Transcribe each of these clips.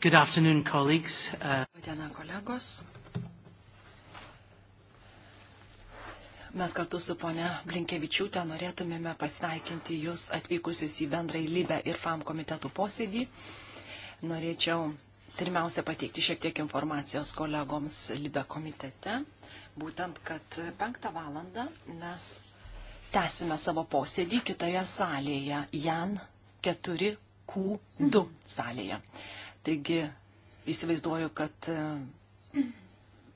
Good afternoon, colleagues. Uh... Diena, kolegos. Mes kartu su ponia Blinkevičiūtė norėtumėme pasveikinti Jūs atvykusius į bendrai lybę ir FAM komitetų posėdį. Norėčiau pirmiausia pateikti šiek tiek informacijos kolegoms lybę komitete. Būtent, kad penktą valandą mes tęsime savo posėdį kitoje salėje, Jan 4Q2 salėje. Mm Taigi įsivaizduoju, kad e,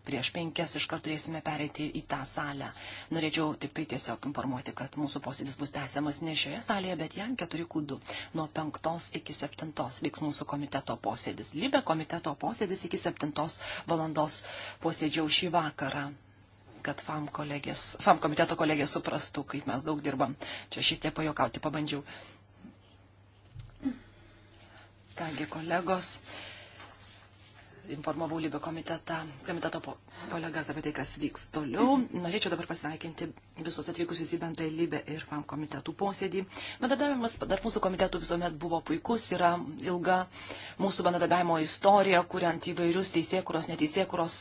prieš penkias iš karto turėsime pereiti į tą salę. Norėčiau tik tai tiesiog informuoti, kad mūsų posėdis bus tęsiamas ne šioje salėje, bet jam 4 kūdų. Nuo 5 iki 7 vyks mūsų komiteto posėdis. Libe komiteto posėdis iki 7 valandos posėdžiau šį vakarą kad FAM, kolegės, FAM komiteto kolegės suprastų, kaip mes daug dirbam. Čia šitie pajokauti pabandžiau. Kągi kolegos, informavau Libio komitetą, komiteto po, kolegas apie tai, kas vyks toliau. Norėčiau dabar pasveikinti visus atvykusius į bendrąjį Libę ir FAM komitetų posėdį. Bendradarbiavimas tarp mūsų komitetų visuomet buvo puikus, yra ilga mūsų bendradarbiavimo istorija, kuriant įvairius teisėkuros, neteisėkuros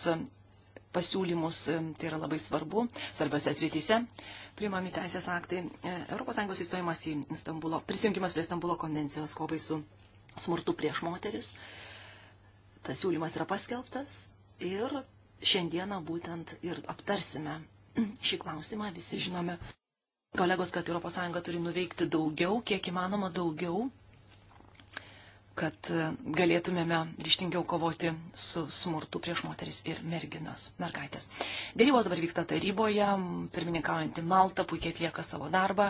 pasiūlymus, tai yra labai svarbu, svarbiose srityse priimami teisės aktai. ES įstojimas į Stambulo, prisijungimas prie Stambulo konvencijos kovai su smurtu prieš moteris. Tas siūlymas yra paskelbtas ir šiandieną būtent ir aptarsime šį klausimą. Visi žinome, kolegos, kad ES turi nuveikti daugiau, kiek įmanoma daugiau kad e, galėtumėme ryštingiau kovoti su smurtu prieš moteris ir merginas, mergaitės. Dėrybos dabar vyksta taryboje, pirmininkaujantį Maltą puikiai atlieka savo darbą,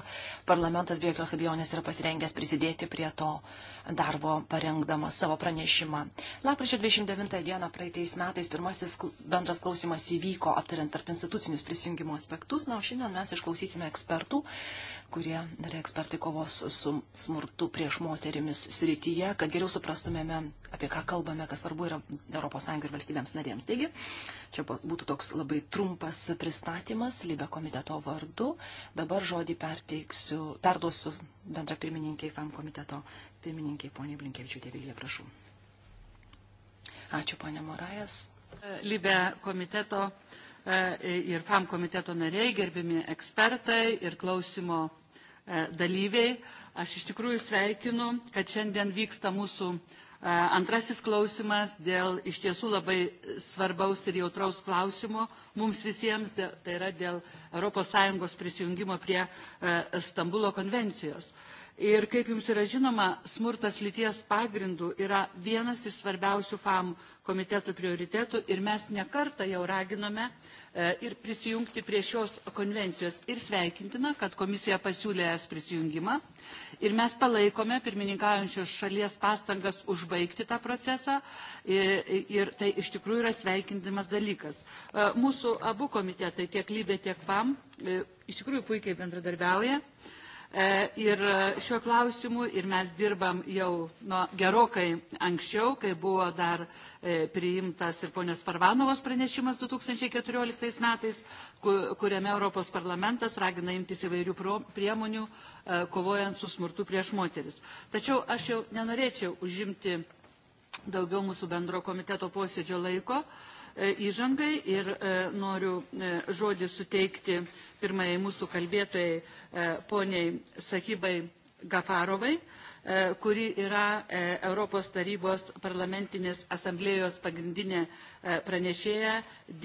parlamentas be jokios abejonės yra pasirengęs prisidėti prie to darbo, parengdamas savo pranešimą. Lapkričio 29 dieną praeitais metais pirmasis bendras klausimas įvyko aptariant tarp institucinius prisijungimo aspektus, na, o šiandien mes išklausysime ekspertų, kurie yra ekspertai kovos su smurtu prieš moterimis srityje, kad geriau suprastumėme, apie ką kalbame, kas svarbu yra ES ir valstybėms narėms. Taigi, čia būtų toks labai trumpas pristatymas Libe komiteto vardu. Dabar žodį perduosiu bendra pirmininkiai FAM komiteto pirmininkiai, poniai Blinkievičiūtė Vilija, prašau. Ačiū, ponė Morajas. Libe komiteto e, ir FAM komiteto nariai, gerbimi ekspertai ir klausimo E, dalyviai. Aš iš tikrųjų sveikinu, kad šiandien vyksta mūsų e, antrasis klausimas dėl iš tiesų labai svarbaus ir jautraus klausimo mums visiems, tai yra dėl ES prisijungimo prie e, Stambulo konvencijos. Ir kaip jums yra žinoma, smurtas lyties pagrindų yra vienas iš svarbiausių FAM komitetų prioritetų ir mes nekartą jau raginome e, ir prisijungti prie šios konvencijos. Ir sveikintina, kad komisija pasiūlė es prisijungimą. Ir mes palaikome pirmininkaujančios šalies pastangas užbaigti tą procesą. Ir, e, e, ir tai iš tikrųjų yra sveikintimas dalykas. Mūsų abu komitetai, tiek Lybė, tiek FAM, iš tikrųjų puikiai bendradarbiauja. E, ir e, šiuo klausimu ir mes dirbam jau nuo gerokai anksčiau, kai buvo dar e, priimtas ir ponios Parvanovos pranešimas 2014 metais, kuriame Europos parlamentas ragina imtis įvairių priemonių kovojant su smurtu prieš moteris. Tačiau aš jau nenorėčiau užimti daugiau mūsų bendro komiteto posėdžio laiko. E, įžangai ir e, noriu e, žodį suteikti pirmai mūsų kalbėtojai poniai Sakybai Gafarovai, kuri yra Europos tarybos parlamentinės asamblėjos pagrindinė pranešėja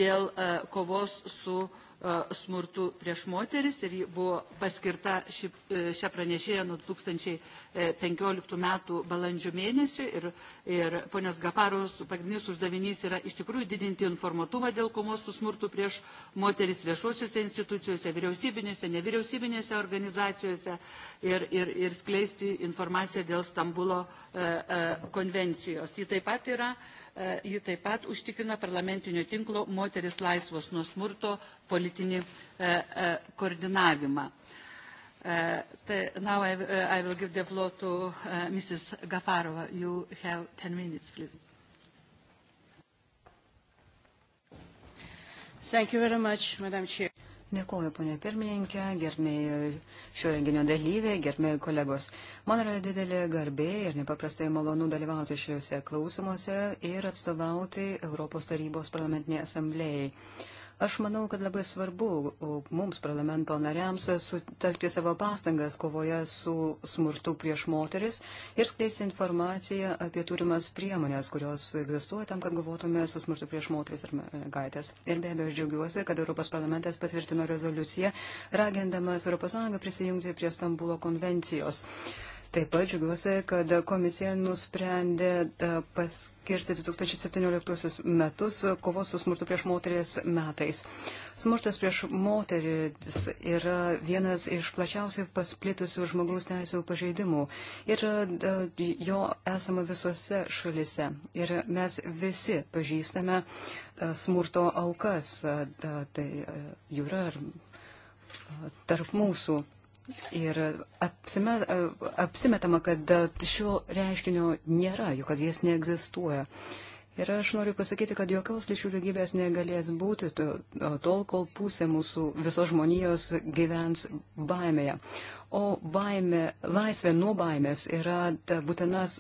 dėl kovos su E, smurtu prieš moteris ir buvo paskirta ši, e, šią pranešėją nuo 2015 e, metų balandžio mėnesio ir, ir ponios Gaparos pagrindinis uždavinys yra iš tikrųjų didinti informatumą dėl komos su smurtu prieš moteris viešosiuose institucijose, vyriausybinėse, nevyriausybinėse organizacijose ir, ir, ir skleisti informaciją dėl Stambulo e, e, konvencijos. Ji taip pat yra e, E, ji taip pat užtikrina parlamentinio tinklo moteris laisvos nuo smurto politinį e, e, koordinavimą. Tai now I, I will give the floor to Mrs. Gafarova. You have 10 minutes, please. Thank you very much, Madam Chair. Dėkuoju, ponė pirmininkė, gerbėjai šio renginio dalyviai, gerbėjai kolegos. Man yra didelė garbė ir nepaprastai malonu dalyvauti šiuose klausimuose ir atstovauti Europos tarybos parlamentiniai asamblėjai. Aš manau, kad labai svarbu mums, parlamento nariams, sutelkti savo pastangas kovoje su smurtu prieš moteris ir skleisti informaciją apie turimas priemonės, kurios egzistuoja tam, kad kovotume su smurtu prieš moteris ir mergaitės. Ir be abejo, aš džiaugiuosi, kad Europos parlamentas patvirtino rezoliuciją, ragindamas ES prisijungti prie Stambulo konvencijos. Uh, Taip pat džiugiuosi, kad komisija nusprendė e, paskirti 2017 metus kovos su smurtu prieš moteris metais. Smurtas prieš moteris yra vienas iš plačiausiai pasplitusių žmogaus teisų pažeidimų ir e, jo esama visose šalise. Ir mes visi pažįstame e, smurto aukas, tai jūra ar tarp mūsų. Ir apsime, apsimetama, kad šio reiškinio nėra, juk kad jis neegzistuoja. Ir aš noriu pasakyti, kad jokios lyčių lygybės negalės būti tol, kol pusė mūsų visos žmonijos gyvens baimėje. O baimė, laisvė nuo baimės yra būtinas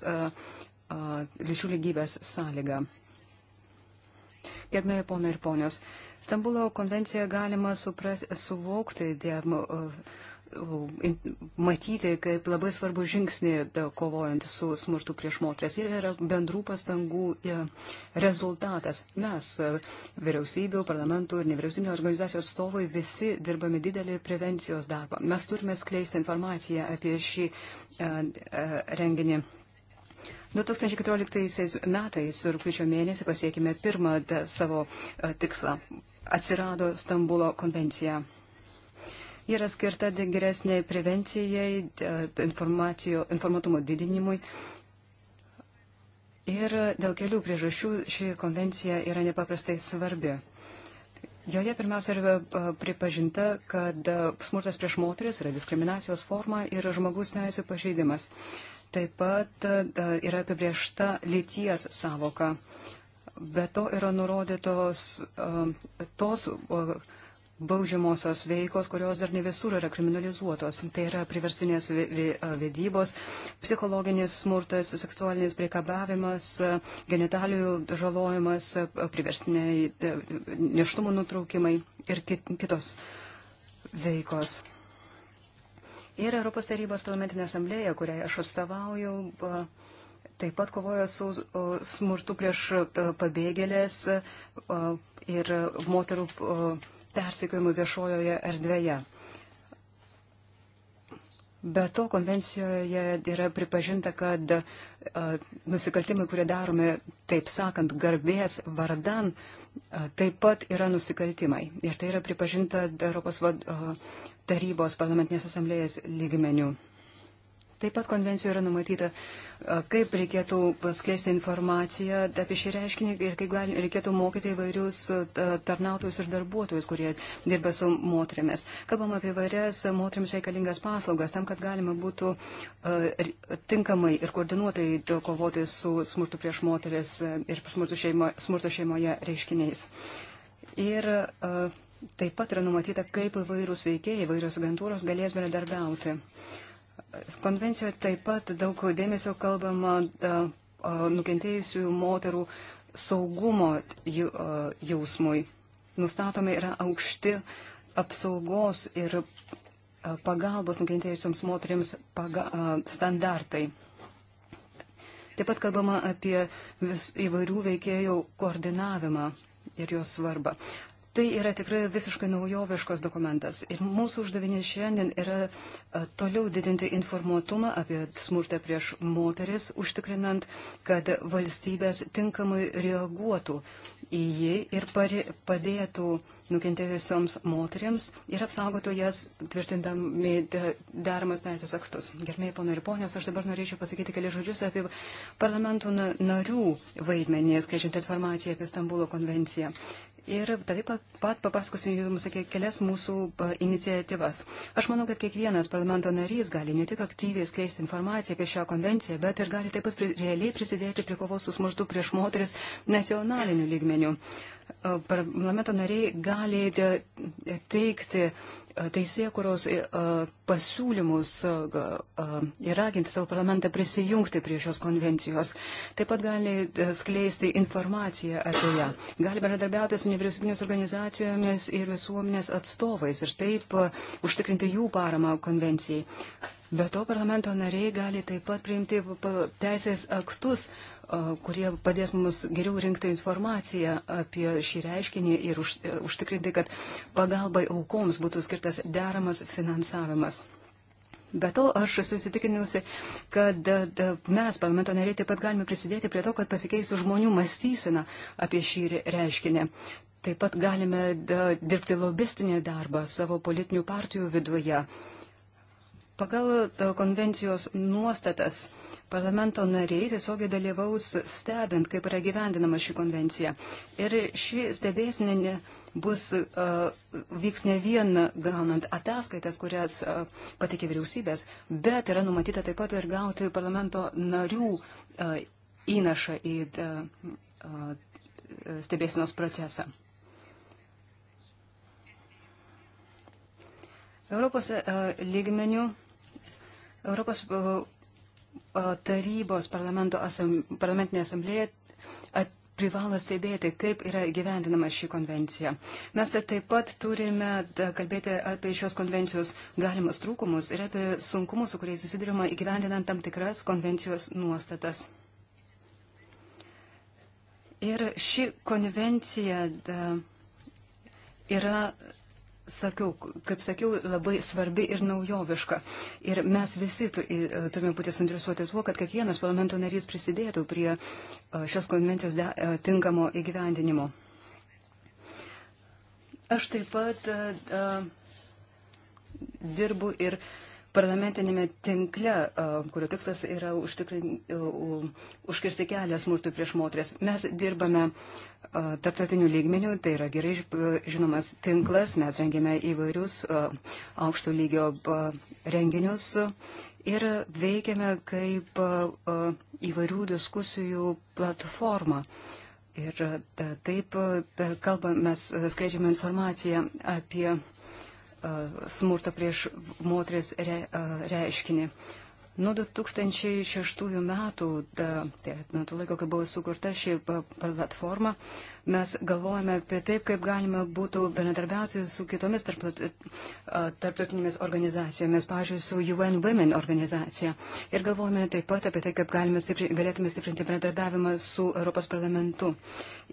lyčių lygybės sąlyga. Gerbėjai ponai ir ponios, Stambulo konvenciją galima supras, suvokti dėl matyti kaip labai svarbu žingsnį kovojant su smurtu prieš moteris. Ir yra bendrų pastangų e, rezultatas. Mes, e, vyriausybių, parlamentų ir nevyriausybinio organizacijos atstovai, visi dirbame didelį prevencijos darbą. Mes turime skleisti informaciją apie šį e, renginį. 2014 metais rūpiučio mėnesį pasiekime pirmą savo tikslą. Atsirado Stambulo konvencija yra skirta geresniai prevencijai, informatumo didinimui. Ir dėl kelių priežasčių ši konvencija yra nepaprastai svarbi. Joje pirmiausia yra pripažinta, kad smurtas prieš moteris yra diskriminacijos forma ir žmogus teisų pažeidimas. Taip pat yra apibriešta lyties savoka. Be to yra nurodytos tos baudžiamosios veikos, kurios dar ne visur yra kriminalizuotos. Tai yra priverstinės vedybos, psichologinis smurtas, seksualinis priekabavimas, genitalijų žalojimas, priverstiniai neštumo nutraukimai ir kitos veikos. Ir Europos tarybos parlamentinė asamblėja, kuriai aš atstovauju, taip pat kovoja su smurtu prieš pabėgėlės ir moterų persikėjimų viešojoje erdvėje. Be to, konvencijoje yra pripažinta, kad a, nusikaltimai, kurie daromi, taip sakant, garbės vardan, a, taip pat yra nusikaltimai. Ir tai yra pripažinta Europos vad, a, tarybos parlamentinės asamblėjas lygmenių. Taip pat konvencijoje yra numatyta, kaip reikėtų paskleisti informaciją apie šį reiškinį ir kaip gali, reikėtų mokyti įvairius tarnautojus ir darbuotojus, kurie dirba su moteriamis. Kalbam apie įvairias moteriams reikalingas paslaugas, tam, kad galima būtų tinkamai ir koordinuotai kovoti su smurtu prieš moteris ir smurtu, šeimo, smurtu šeimoje reiškiniais. Ir uh, Taip pat yra numatyta, kaip įvairūs veikėjai, įvairios agentūros galės bendradarbiauti. Konvencijoje taip pat daug dėmesio kalbama nukentėjusių moterų saugumo jausmui. Nustatomi yra aukšti apsaugos ir pagalbos nukentėjusioms moteriams paga, standartai. Taip pat kalbama apie vis, įvairių veikėjų koordinavimą ir jos svarbą. Tai yra tikrai visiškai naujoviškas dokumentas. Ir mūsų uždavinys šiandien yra e, toliau didinti informuotumą apie smurtą prieš moteris, užtikrinant, kad valstybės tinkamai reaguotų į jį ir padėtų nukentėjusioms moteriams ir apsaugotų jas tvirtindami deramas teisės aktus. Gerbėjai ponai ir ponios, aš dabar norėčiau pasakyti keli žodžius apie parlamentų narių vaidmenį, skaičiant informaciją apie Stambulo konvenciją. Ir taip pat papasakosiu Jums kelias mūsų iniciatyvas. Aš manau, kad kiekvienas parlamento narys gali ne tik aktyviai skleisti informaciją apie šią konvenciją, bet ir gali taip pat realiai prisidėti prie kovos su smurtu prieš moteris nacionaliniu lygmeniu lygmenių. E, parlamento nariai gali e, teikti e, teisėkuros pasiūlymus ir raginti savo parlamentą prisijungti prie šios konvencijos. Taip pat gali skleisti informaciją apie ją. Gali bendradarbiauti su nevyriausybinės organizacijomis ir visuomenės atstovais ir taip užtikrinti jų paramą konvencijai. Be to, parlamento nariai gali taip pat priimti teisės aktus kurie padės mums geriau rinkti informaciją apie šį reiškinį ir už, e, užtikrinti, kad pagalbai aukoms būtų skirtas deramas finansavimas. Be to, aš esu įsitikinusi, kad e, mes, parlamento nariai, taip pat galime prisidėti prie to, kad pasikeistų žmonių mąstysena apie šį reiškinį. Taip pat galime dirbti lobistinį darbą savo politinių partijų viduje. Pagal e, konvencijos nuostatas parlamento nariai tiesiogiai dalyvaus stebint, kaip yra gyvendinama ši konvencija. Ir ši stebėsinė bus uh, vyks ne vien gaunant ataskaitas, kurias uh, patikė vyriausybės, bet yra numatyta taip pat ir gauti parlamento narių uh, įnašą į uh, uh, stebėsinos procesą. Europos lygmenių Europos tarybos asam, parlamentinė asamblėje at, privalo stebėti, kaip yra gyvendinama ši konvencija. Mes taip pat turime kalbėti apie šios konvencijos galimus trūkumus ir apie sunkumus, su kuriais susidurima įgyvendinant tam tikras konvencijos nuostatas. Ir ši konvencija da, yra sakiau, kaip sakiau, labai svarbi ir naujoviška. Ir mes visi turime būti suinteresuoti tuo, kad kiekvienas parlamento narys prisidėtų prie e, šios konvencijos e, tinkamo įgyvendinimo. Aš taip pat a, e, dirbu ir a, parlamentinėme tinkle, kurio tikslas yra užkirsti kelią smurtui prieš moteris. Mes dirbame tarptautinių lygmenių, tai yra gerai žinomas tinklas, mes rengėme įvairius aukšto lygio renginius ir veikiame kaip įvairių diskusijų platforma. Ir taip kalbame, mes skleidžiame informaciją apie smurto prieš moteris re, reiškinį. Nuo 2006 metų, tai yra nuo to laiko, kai buvo sukurta ši platforma, uh, mes galvojame apie taip, kaip galima būtų bendradarbiauti su kitomis tarptautinėmis organizacijomis, pavyzdžiui, su UN Women organizacija. Ir galvojame taip pat apie tai, kaip stipri, galėtume stiprinti bendradarbiavimą su Europos parlamentu.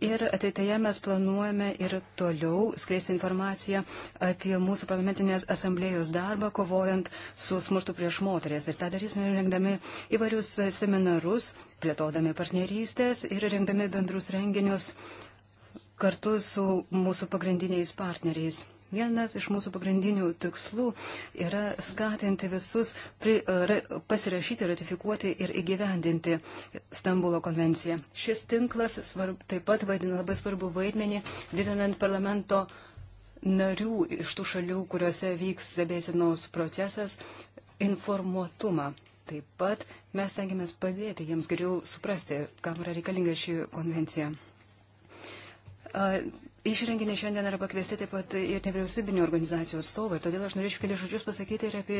Ir ateityje mes planuojame ir toliau skleisti informaciją apie mūsų parlamentinės asamblėjos darbą, kovojant su smurtu prieš moteris. Ir tą darysime rengdami įvairius seminarus plėtodami partnerystės ir rengdami bendrus renginius kartu su mūsų pagrindiniais partneriais. Vienas iš mūsų pagrindinių tikslų yra skatinti visus pri, e, ra, pasirašyti, ratifikuoti ir įgyvendinti Stambulo konvenciją. Šis tinklas svarb, taip pat vaidina labai svarbu vaidmenį, didinant parlamento narių iš tų šalių, kuriuose vyks stebėsinos procesas, informuotumą. Taip pat mes tengiamės padėti jiems geriau suprasti, kam yra reikalinga ši konvencija. Iš renginio šiandien yra pakviesti taip pat ir nevyriausybinio organizacijų atstovai, todėl aš norėčiau keli žodžius pasakyti ir apie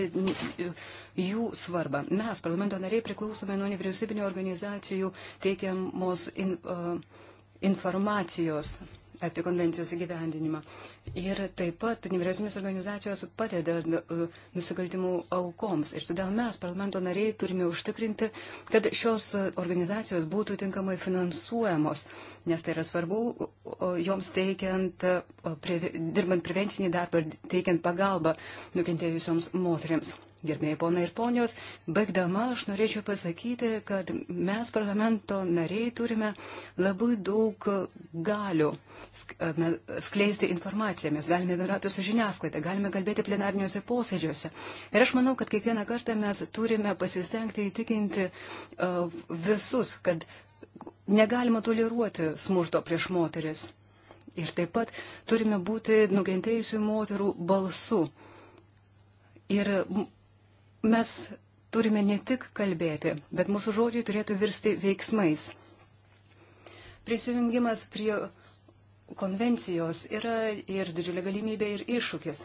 jų svarbą. Mes, parlamento nariai, priklausome nuo nevyriausybinio organizacijų teikiamos in, uh, informacijos. Uh, apie konvencijos įgyvendinimą. Ir taip pat nevyriausybinės organizacijos padeda uh, nusikaltimų aukoms. Ir todėl mes, parlamento nariai, turime užtikrinti, kad šios uh, organizacijos būtų tinkamai finansuojamos, nes tai yra svarbu joms teikiant, uh, dirbant prevencinį darbą ir teikiant pagalbą nukentėjusioms moteriams gerbėjai ponai ir ponios, baigdama aš norėčiau pasakyti, kad mes parlamento nariai turime labai daug galių skleisti informaciją, mes galime bendrauti su žiniasklaida, galime kalbėti plenarniuose posėdžiuose. Ir aš manau, kad kiekvieną kartą mes turime pasistengti įtikinti uh, visus, kad negalima toleruoti smurto prieš moteris. Ir taip pat turime būti nukentėjusių moterų balsu. Ir Mes turime ne tik kalbėti, bet mūsų žodžiai turėtų virsti veiksmais. Prisijungimas prie konvencijos yra ir didžiulė galimybė, ir iššūkis.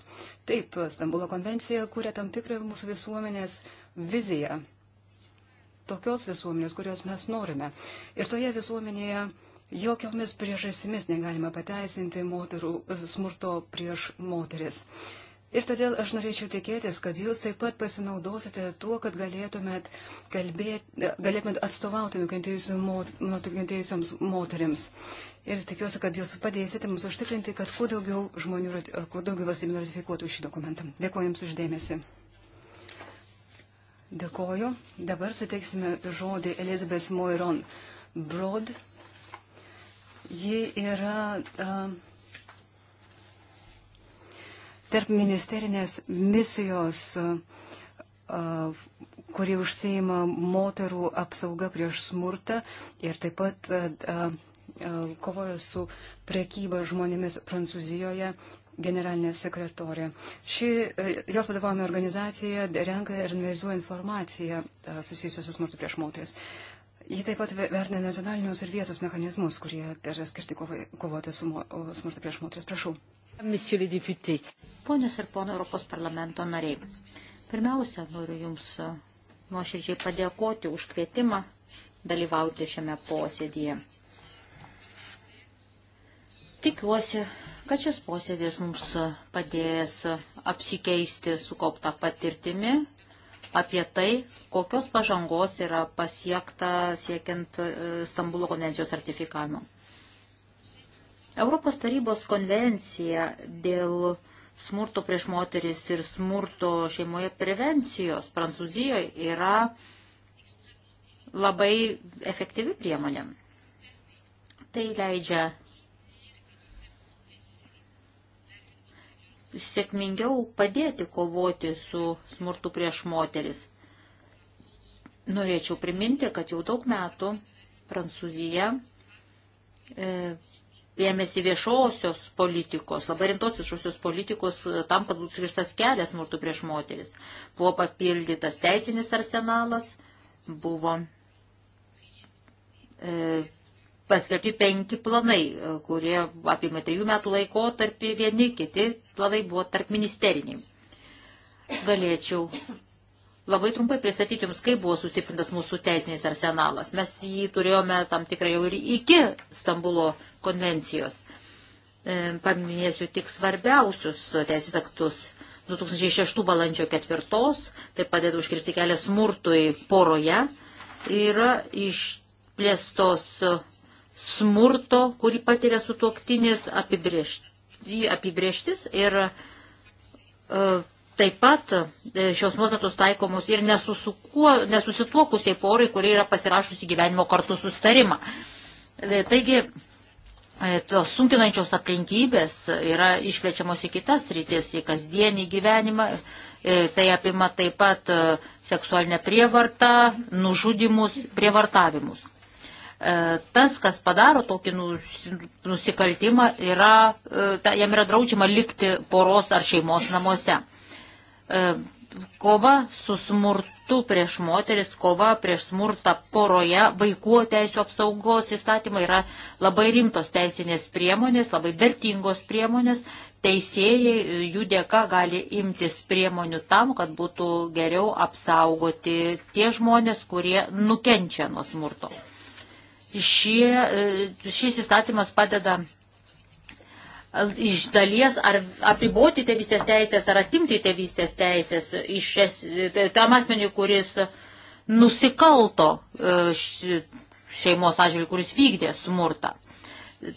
Taip, Stambulo konvencija kūrė tam tikrą mūsų visuomenės viziją. Tokios visuomenės, kurios mes norime. Ir toje visuomenėje jokiomis priežasimis negalima pateisinti moterų, smurto prieš moteris. Ir todėl aš norėčiau tikėtis, kad jūs taip pat pasinaudosite tuo, kad galėtumėt, kalbėti, galėtumėt atstovauti nukentėjusioms moteriams. Ir tikiuosi, kad jūs padėsite mums užtikrinti, kad kuo daugiau žmonių, kuo daugiau valstybių ratifikuotų šį dokumentą. Dėkuoju Jums uždėmesi. Dėkuoju. Dabar suteiksime žodį Elizabeth Moiron Broad. Ji yra. Uh, tarp ministerinės misijos, kuri užseima moterų apsauga prieš smurtą ir taip pat kovoja su prekyba žmonėmis Prancūzijoje generalinė sekretorė. Ši, jos vadovavome organizacija renka ir analizuoja informaciją susijusią su smurtu prieš moteris. Ji taip pat vertina nacionalinius ir vietos mechanizmus, kurie yra skirti kovoti su smurtu prieš moteris. Prašau. Ponios ir pono Europos parlamento nariai, pirmiausia, noriu Jums e, nuoširdžiai padėkoti už kvietimą dalyvauti šiame posėdėje. Tikiuosi, kad šis posėdės mums padės apsikeisti sukauptą patirtimi apie tai, kokios pažangos yra pasiekta siekiant e, Stambulo konvencijos ratifikavimo. Europos tarybos konvencija dėl smurto prieš moteris ir smurto šeimoje prevencijos Prancūzijoje yra labai efektyvi priemonė. Tai leidžia sėkmingiau padėti kovoti su smurtu prieš moteris. Norėčiau priminti, kad jau daug metų Prancūzija e, ėmėsi viešosios politikos, labai rimtos viešosios politikos e, tam, kad būtų skirtas kelias smurtų prieš moteris. Buvo papildytas teisinis arsenalas, buvo e, paskelbti penki planai, e, kurie apima trijų metų laiko tarp vieni, kiti planai buvo tarp ministeriniai. Galėčiau labai trumpai pristatyti jums, kaip buvo sustiprintas mūsų teisinis arsenalas. Mes jį turėjome tam tikrai jau ir iki Stambulo konvencijos. E, paminėsiu tik svarbiausius teisės aktus. 2006 balandžio 4, tai padeda užkirsti kelią smurtui poroje, yra išplėstos smurto, kurį patiria sutuoktinis apibrieštis ir e, Taip pat e, šios nuostatos taikomos ir nesusituokusiai porai, kurie yra pasirašusi gyvenimo kartu sustarimą. E, taigi, e, tos sunkinančios aplinkybės yra išplečiamos į kitas rytis, į kasdienį gyvenimą. Tai apima taip pat seksualinę prievartą, nužudimus, prievartavimus. Tas, kas padaro tokį nusikaltimą, yra, jam yra draudžiama likti poros ar šeimos namuose. E, kova su smurtu prieš moteris, kova prieš smurtą poroje, vaikų teisų apsaugos įstatymai yra labai rimtos teisinės priemonės, labai vertingos priemonės. Teisėjai jų dėka gali imtis priemonių tam, kad būtų geriau apsaugoti tie žmonės, kurie nukenčia nuo smurto. Šie, e, šis įstatymas padeda iš dalies ar apriboti tėvystės teisės, ar atimti tėvystės teisės iš es, tam asmeniui, kuris nusikalto e, šeimos atžvilgiu, kuris vykdė smurtą.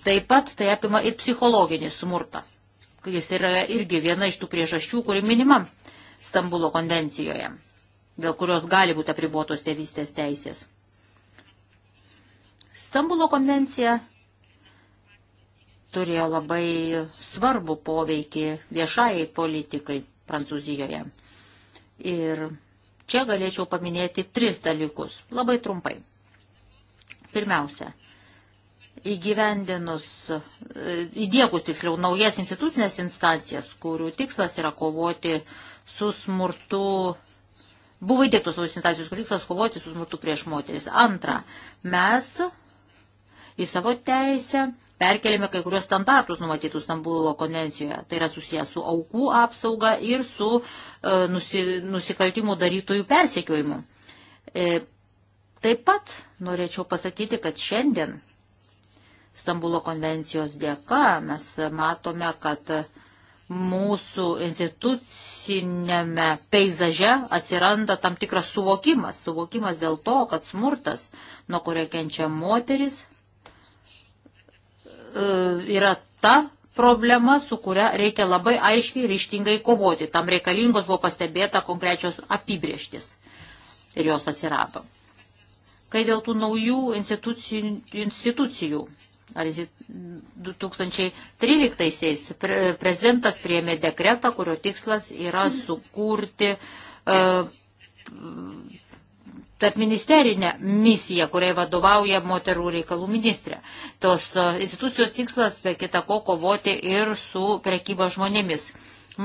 Taip pat tai apima ir psichologinį smurtą. Jis yra irgi viena iš tų priežasčių, kuri minima Stambulo konvencijoje, dėl kurios gali būti apribotos tėvystės teisės. Stambulo konvencija turėjo labai svarbu poveikį viešai politikai Prancūzijoje. Ir čia galėčiau paminėti tris dalykus, labai trumpai. Pirmiausia, įgyvendinus, įdėkus tiksliau naujas institucinės instancijas, kurių tikslas yra kovoti su smurtu, buvo įdėktos naujos instacijos, kurių tikslas kovoti su smurtu prieš moteris. Antra, mes į savo teisę, perkeliame kai kurios standartus numatytus Stambulo konvencijoje. Tai yra susijęs su aukų apsauga ir su e, nusi, nusikaltimų darytojų persekiojimu. E, taip pat norėčiau pasakyti, kad šiandien Stambulo konvencijos dėka mes matome, kad mūsų institucinėme peizaže atsiranda tam tikras suvokimas. Suvokimas dėl to, kad smurtas, nuo kurio kenčia moteris, E, yra ta problema, su kuria reikia labai aiškiai ir ištingai kovoti. Tam reikalingos buvo pastebėta konkrečios apibrieštis ir jos atsirado. Kai dėl tų naujų institucijų, institucijų ar 2013-aisiais prezidentas priėmė dekretą, kurio tikslas yra sukurti e, tarp ministerinę misiją, kuriai vadovauja moterų reikalų ministrė. Tos e, institucijos tikslas, be kita ko, kovoti ir su prekyba žmonėmis.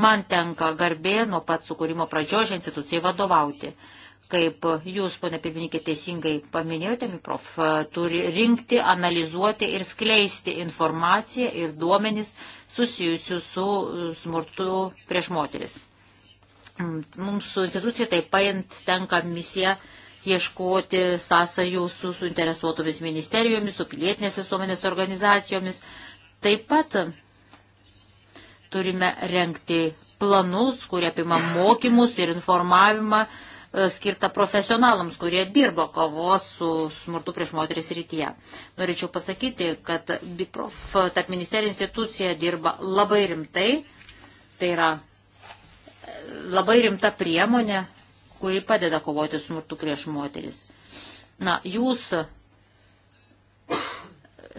Man tenka garbė nuo pat sukūrimo pradžios šią instituciją vadovauti. Kaip jūs, ponė pirmininkė, teisingai paminėjote, Miprof e, turi rinkti, analizuoti ir skleisti informaciją ir duomenis susijusių su e, smurtu prieš moteris. Mums su institucija taip paint tenka misija ieškoti sąsajų su suinteresuotomis ministerijomis, su pilietinės visuomenės organizacijomis. Taip pat turime renkti planus, kurie apima mokymus ir informavimą e, skirtą profesionalams, kurie dirbo kovos su smurtu prieš moteris rytyje. Norėčiau pasakyti, kad BIPROF, tarp ministerijų institucija dirba labai rimtai, tai yra e, labai rimta priemonė, kuri padeda kovoti smurtu prieš moteris. Na, jūs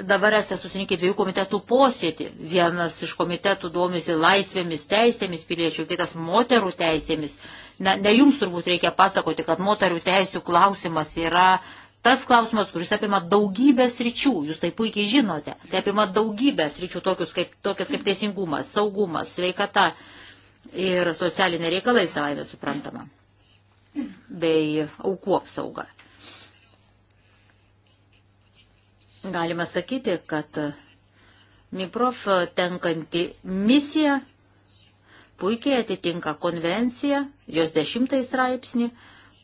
dabar esate susirinkę dviejų komitetų posėdį. Vienas iš komitetų domisi laisvėmis, teisėmis piliečių, kitas moterų teisėmis. Na, ne jums turbūt reikia pasakoti, kad moterų teisų klausimas yra tas klausimas, kuris apima daugybės ryčių. Jūs tai puikiai žinote. Tai apima daugybės ryčių, tokius kaip, tokias kaip teisingumas, saugumas, sveikata ir socialiniai reikalai savai suprantama bei aukų apsaugą. Galima sakyti, kad MIPROF tenkanti misija puikiai atitinka konvenciją, jos dešimtai straipsnį,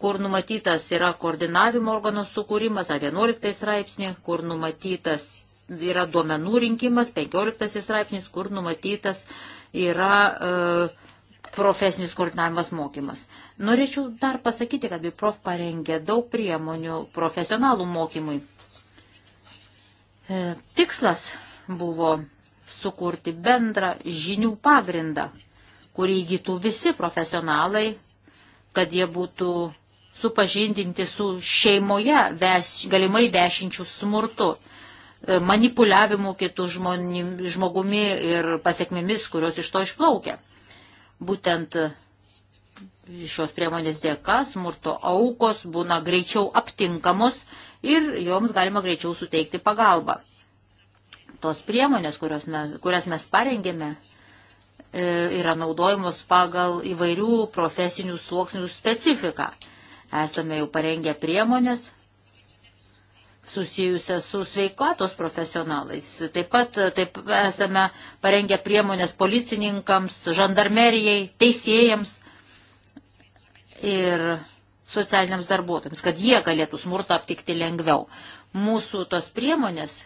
kur numatytas yra koordinavimo organų sukūrimas, ar 11 straipsnį, kur numatytas yra duomenų rinkimas, 15 straipsnis, kur numatytas yra e, profesinis koordinavimas mokymas. Norėčiau dar pasakyti, kad BIPROF parengė daug priemonių profesionalų mokymui. E, tikslas buvo sukurti bendrą žinių pagrindą, kurį įgytų visi profesionalai, kad jie būtų supažindinti su šeimoje veš, galimai vešinčių smurtu, e, manipuliavimu kitų žmonimi, žmogumi ir pasiekmėmis, kurios iš to išplaukia. Būtent šios priemonės dėka smurto aukos būna greičiau aptinkamos ir joms galima greičiau suteikti pagalbą. Tos priemonės, mes, kurias mes parengėme, e, yra naudojamos pagal įvairių profesinių sluoksnių specifiką. Esame jau parengę priemonės, susijusią su sveikatos profesionalais. Taip pat taip esame parengę priemonės policininkams, žandarmerijai, teisėjams ir socialiniams darbuotojams, kad jie galėtų smurtą aptikti lengviau. Mūsų tos priemonės e,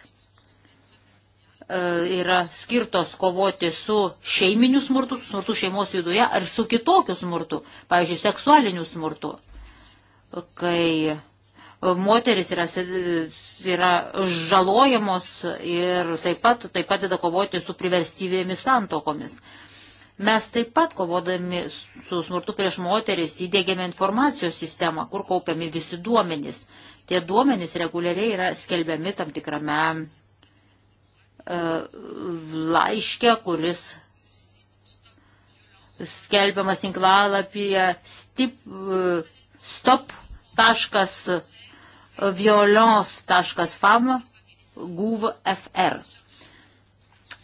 yra skirtos kovoti su šeiminiu smurtu, su smurtu šeimos viduje ar su kitokiu smurtu, pavyzdžiui, seksualiniu smurtu, kai moteris yra, yra žalojamos ir taip pat, taip pat tada kovoti su priverstyvėmis santokomis. Mes taip pat kovodami su smurtu prieš moteris įdėgėme informacijos sistemą, kur kaupiami visi duomenys. Tie duomenys reguliariai yra skelbiami tam tikrame e, laiške, kuris skelbiamas tinklalapyje stip, e, stop taškas violence.fam.gov.fr.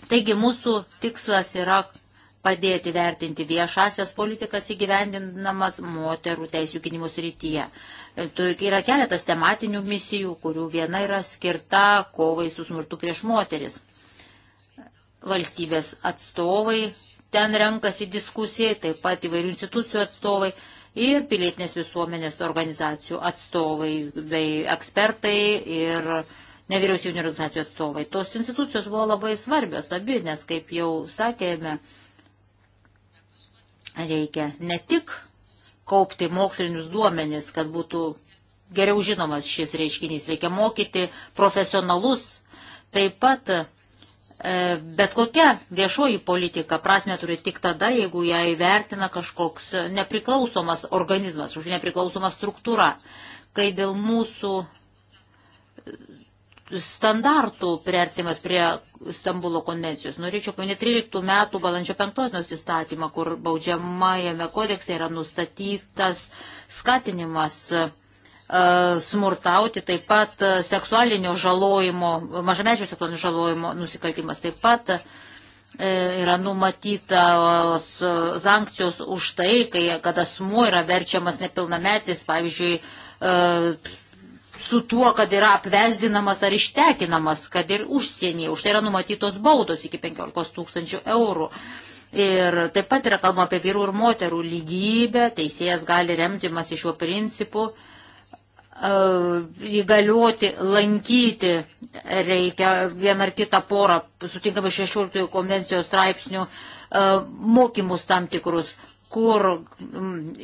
Taigi mūsų tikslas yra padėti vertinti viešasias politikas įgyvendinamas moterų teisų gynimo srityje. Yra keletas tematinių misijų, kurių viena yra skirta kovai su smurtu prieš moteris. Valstybės atstovai ten renkasi diskusijai, taip pat įvairių institucijų atstovai ir pilietinės visuomenės organizacijų atstovai bei ekspertai ir nevyriausybinio organizacijų atstovai. Tos institucijos buvo labai svarbios abi, nes, kaip jau sakėme, reikia ne tik kaupti mokslinius duomenis, kad būtų geriau žinomas šis reiškinys, reikia mokyti profesionalus, taip pat E, bet kokia viešoji politika prasme turi tik tada, jeigu ją įvertina kažkoks nepriklausomas organizmas, už nepriklausomą struktūrą. Kai dėl mūsų standartų priartimas prie Stambulo konvencijos. Norėčiau paminėti 13 metų balandžio 5 nusistatymą, kur baudžiamajame kodekse yra nustatytas skatinimas smurtauti, taip pat seksualinio žalojimo, mažamečio seksualinio žalojimo nusikaltimas, taip pat e, yra numatytos sankcijos už tai, kai, kad asmuo yra verčiamas nepilnametis, pavyzdžiui, su tuo, kad yra apvesdinamas ar ištekinamas, kad ir užsienyje. Už tai yra numatytos baudos iki 15 tūkstančių eurų. Ir taip pat yra kalbama apie vyrų ir moterų lygybę, teisėjas gali remtimas iš jo principų. E, įgalioti, lankyti reikia vieną ar kitą porą, sutinkamai 16 konvencijos straipsnių, e, mokymus tam tikrus, kur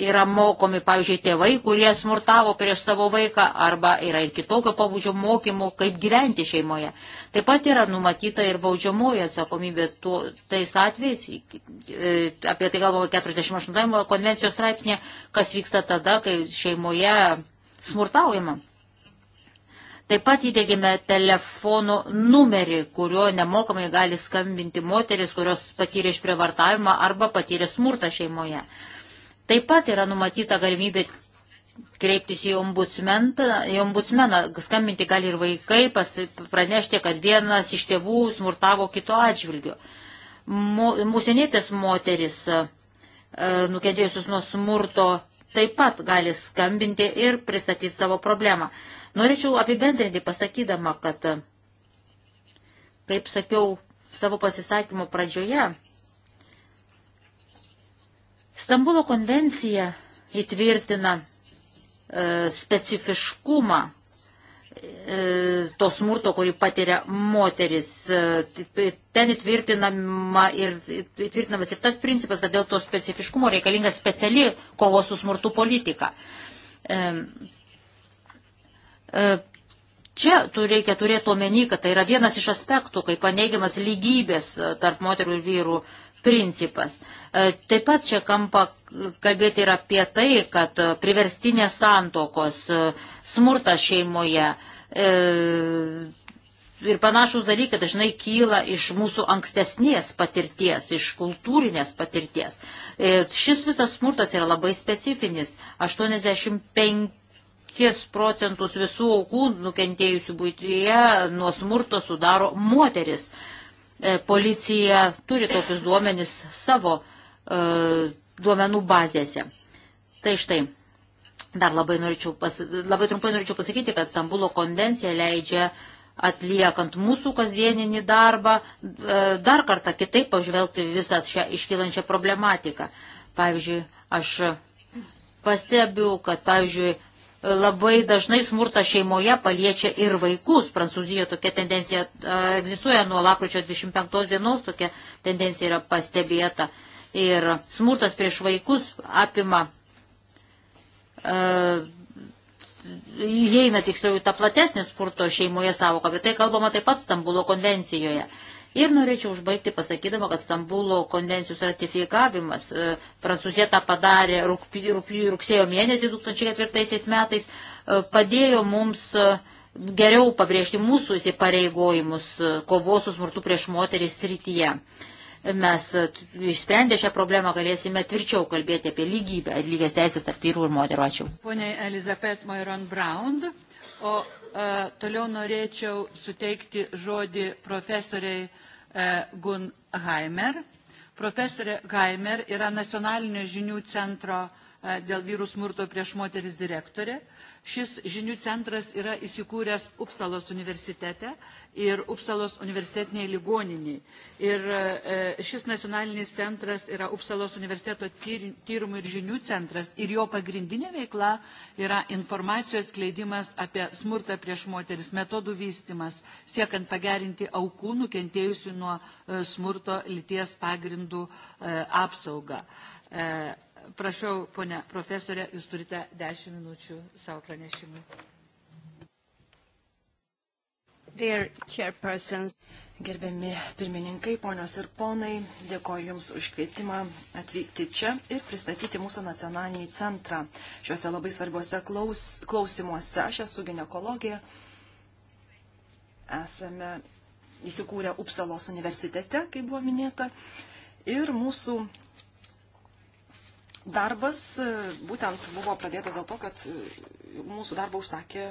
yra mokomi, pavyzdžiui, tėvai, kurie smurtavo prieš savo vaiką, arba yra ir kitokio pabudžio mokymų, kaip gyventi šeimoje. Taip pat yra numatyta ir baudžiamoji atsakomybė tuo, tais atvejais, e, apie tai galvojame 48 konvencijos straipsnė, kas vyksta tada, kai šeimoje smurtaujama. Taip pat įdėgėme telefono numerį, kuriuo nemokamai gali skambinti moteris, kurios patyrė išprievartavimą arba patyrė smurtą šeimoje. Taip pat yra numatyta galimybė kreiptis į ombudsmeną, į ombudsmeną skambinti gali ir vaikai, pas, pranešti, kad vienas iš tėvų smurtavo kito atžvilgiu. Mūsienėtės moteris e, nukentėjusius nuo smurto taip pat gali skambinti ir pristatyti savo problemą. Norėčiau apibendrinti pasakydama, kad, kaip sakiau savo pasisakymo pradžioje, Stambulo konvencija įtvirtina e, specifiškumą E, to smurto, kurį patiria moteris. E, ten įtvirtinama ir, įtvirtinamas ir tas principas, kad dėl to specifiškumo reikalinga speciali kovos su smurtu politika. E, čia tu reikia turėti omeny, kad tai yra vienas iš aspektų, kaip paneigiamas lygybės tarp moterų ir vyrų principas. Taip pat čia kampa kalbėti ir apie tai, kad priverstinės santokos smurtas šeimoje e, ir panašus dalykai dažnai kyla iš mūsų ankstesnės patirties, iš kultūrinės patirties. E, šis visas smurtas yra labai specifinis. 85 procentus visų aukų nukentėjusių būtyje nuo smurto sudaro moteris. E, policija turi tokius duomenis savo duomenų bazėse. Tai štai. Dar labai, norėčiau pas, labai trumpai norėčiau pasakyti, kad Stambulo konvencija leidžia atliekant mūsų kasdieninį darbą, e, dar kartą kitaip pažvelgti visą šią iškylančią problematiką. Pavyzdžiui, aš pastebiu, kad, pavyzdžiui, labai dažnai smurtas šeimoje paliečia ir vaikus. Prancūzijoje tokia tendencija e, egzistuoja nuo lapkričio 25 dienos, tokia tendencija yra pastebėta. Ir smurtas prieš vaikus apima E, įeina tiksliau į tą platesnį skurto šeimoje savoką, bet tai kalbama taip pat Stambulo konvencijoje. Ir norėčiau užbaigti pasakydama, kad Stambulo konvencijos ratifikavimas e, Prancūzija tą padarė rūpj, rūpj, rugsėjo mėnesį 2004 metais, e, padėjo mums e, geriau pabrėžti mūsų įsipareigojimus e, kovos su smurtu prieš moteris srityje. E, mes e, išsprendę šią problemą galėsime tvirčiau kalbėti apie lygybę ir lygias teisės tarp vyrų ir moterų. Ačiū. Pone Elizabeth Moiron Brown, o a, e, toliau norėčiau suteikti žodį profesoriai a, e, Gun Haimer. Profesorė Gaimer yra nacionalinio žinių centro E, dėl vyrų smurto prieš moteris direktorė. Šis žinių centras yra įsikūręs Upsalos universitete ir Upsalos universitetiniai ligoniniai. Ir e, e, šis nacionalinis centras yra Upsalos universiteto tyrimų ir žinių centras ir jo pagrindinė veikla yra informacijos kleidimas apie smurtą prieš moteris, metodų vystimas, siekant pagerinti aukų nukentėjusių nuo smurto lyties pagrindų apsaugą. Prašau, ponia profesorė, jūs turite 10 minučių savo pranešimų. Dear chairpersons, gerbiami pirmininkai, ponios ir ponai, dėkoju Jums už kvietimą atvykti čia ir pristatyti mūsų nacionalinį centrą. Šiuose labai svarbiuose klaus, klausimuose aš esu gynekologija. Esame įsikūrę Upsalos universitete, kaip buvo minėta. Ir mūsų Darbas e, būtent buvo pradėtas dėl to, kad e, mūsų darbą užsakė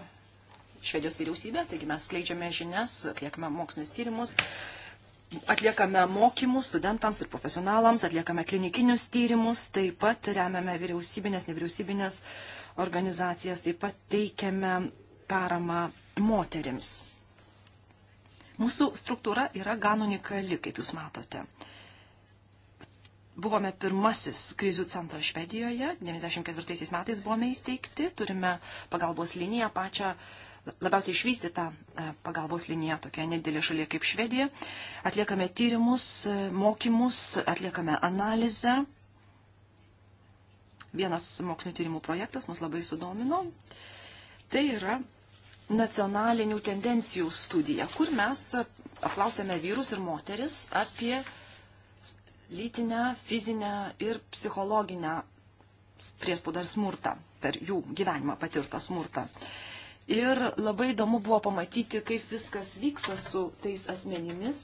Švedijos vyriausybė, taigi mes skleidžiame žinias, atliekame mokslinius tyrimus, atliekame mokymus studentams ir profesionalams, atliekame klinikinius tyrimus, taip pat remiame vyriausybinės, nevyriausybinės organizacijas, taip pat teikiame paramą moterims. Mūsų struktūra yra gan unikali, kaip jūs matote buvome pirmasis krizių centras Švedijoje, 94 metais buvome įsteigti, turime pagalbos liniją pačią, labiausiai išvystytą e, pagalbos liniją tokia nedėlė šalia kaip Švedija. Atliekame tyrimus, e, mokymus, atliekame analizę. Vienas mokslinio tyrimų projektas mus labai sudomino. Tai yra nacionalinių tendencijų studija, kur mes e, aplausėme vyrus ir moteris apie lytinę, fizinę ir psichologinę priespaudą ir smurtą, per jų gyvenimą patirtą smurtą. Ir labai įdomu buvo pamatyti, kaip viskas vyksta su tais asmenimis,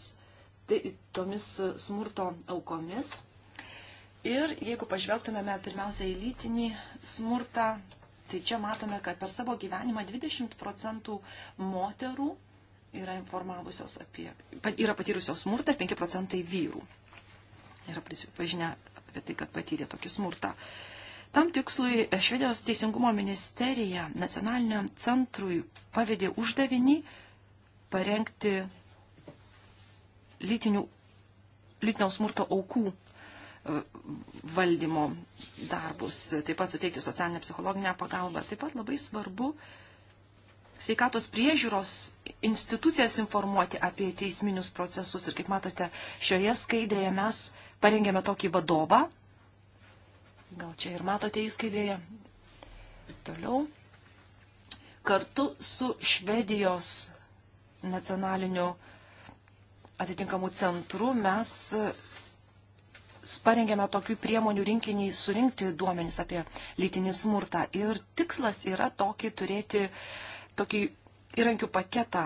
tai, tomis e, smurto aukomis. Ir jeigu pažvelgtumėme pirmiausia į lytinį smurtą, tai čia matome, kad per savo gyvenimą 20 procentų moterų yra informavusios apie, yra patyrusios smurtą ir 5 procentai vyrų yra prisipažinę apie tai, kad patyrė tokį smurtą. Tam tikslui e, Švedijos teisingumo ministerija nacionaliniam centrui pavėdė uždavinį parengti lytinių, lytinio smurto aukų e, valdymo darbus, taip pat suteikti socialinę psichologinę pagalbą. Taip pat labai svarbu sveikatos priežiūros institucijas informuoti apie teisminius procesus. Ir kaip matote, šioje skaidrėje mes parengėme tokį vadovą. Gal čia ir matote įskaidrėje. Toliau. Kartu su Švedijos nacionaliniu atitinkamų centrų mes parengėme tokių priemonių rinkinį surinkti duomenys apie lytinį smurtą. Ir tikslas yra tokį turėti tokį įrankių paketą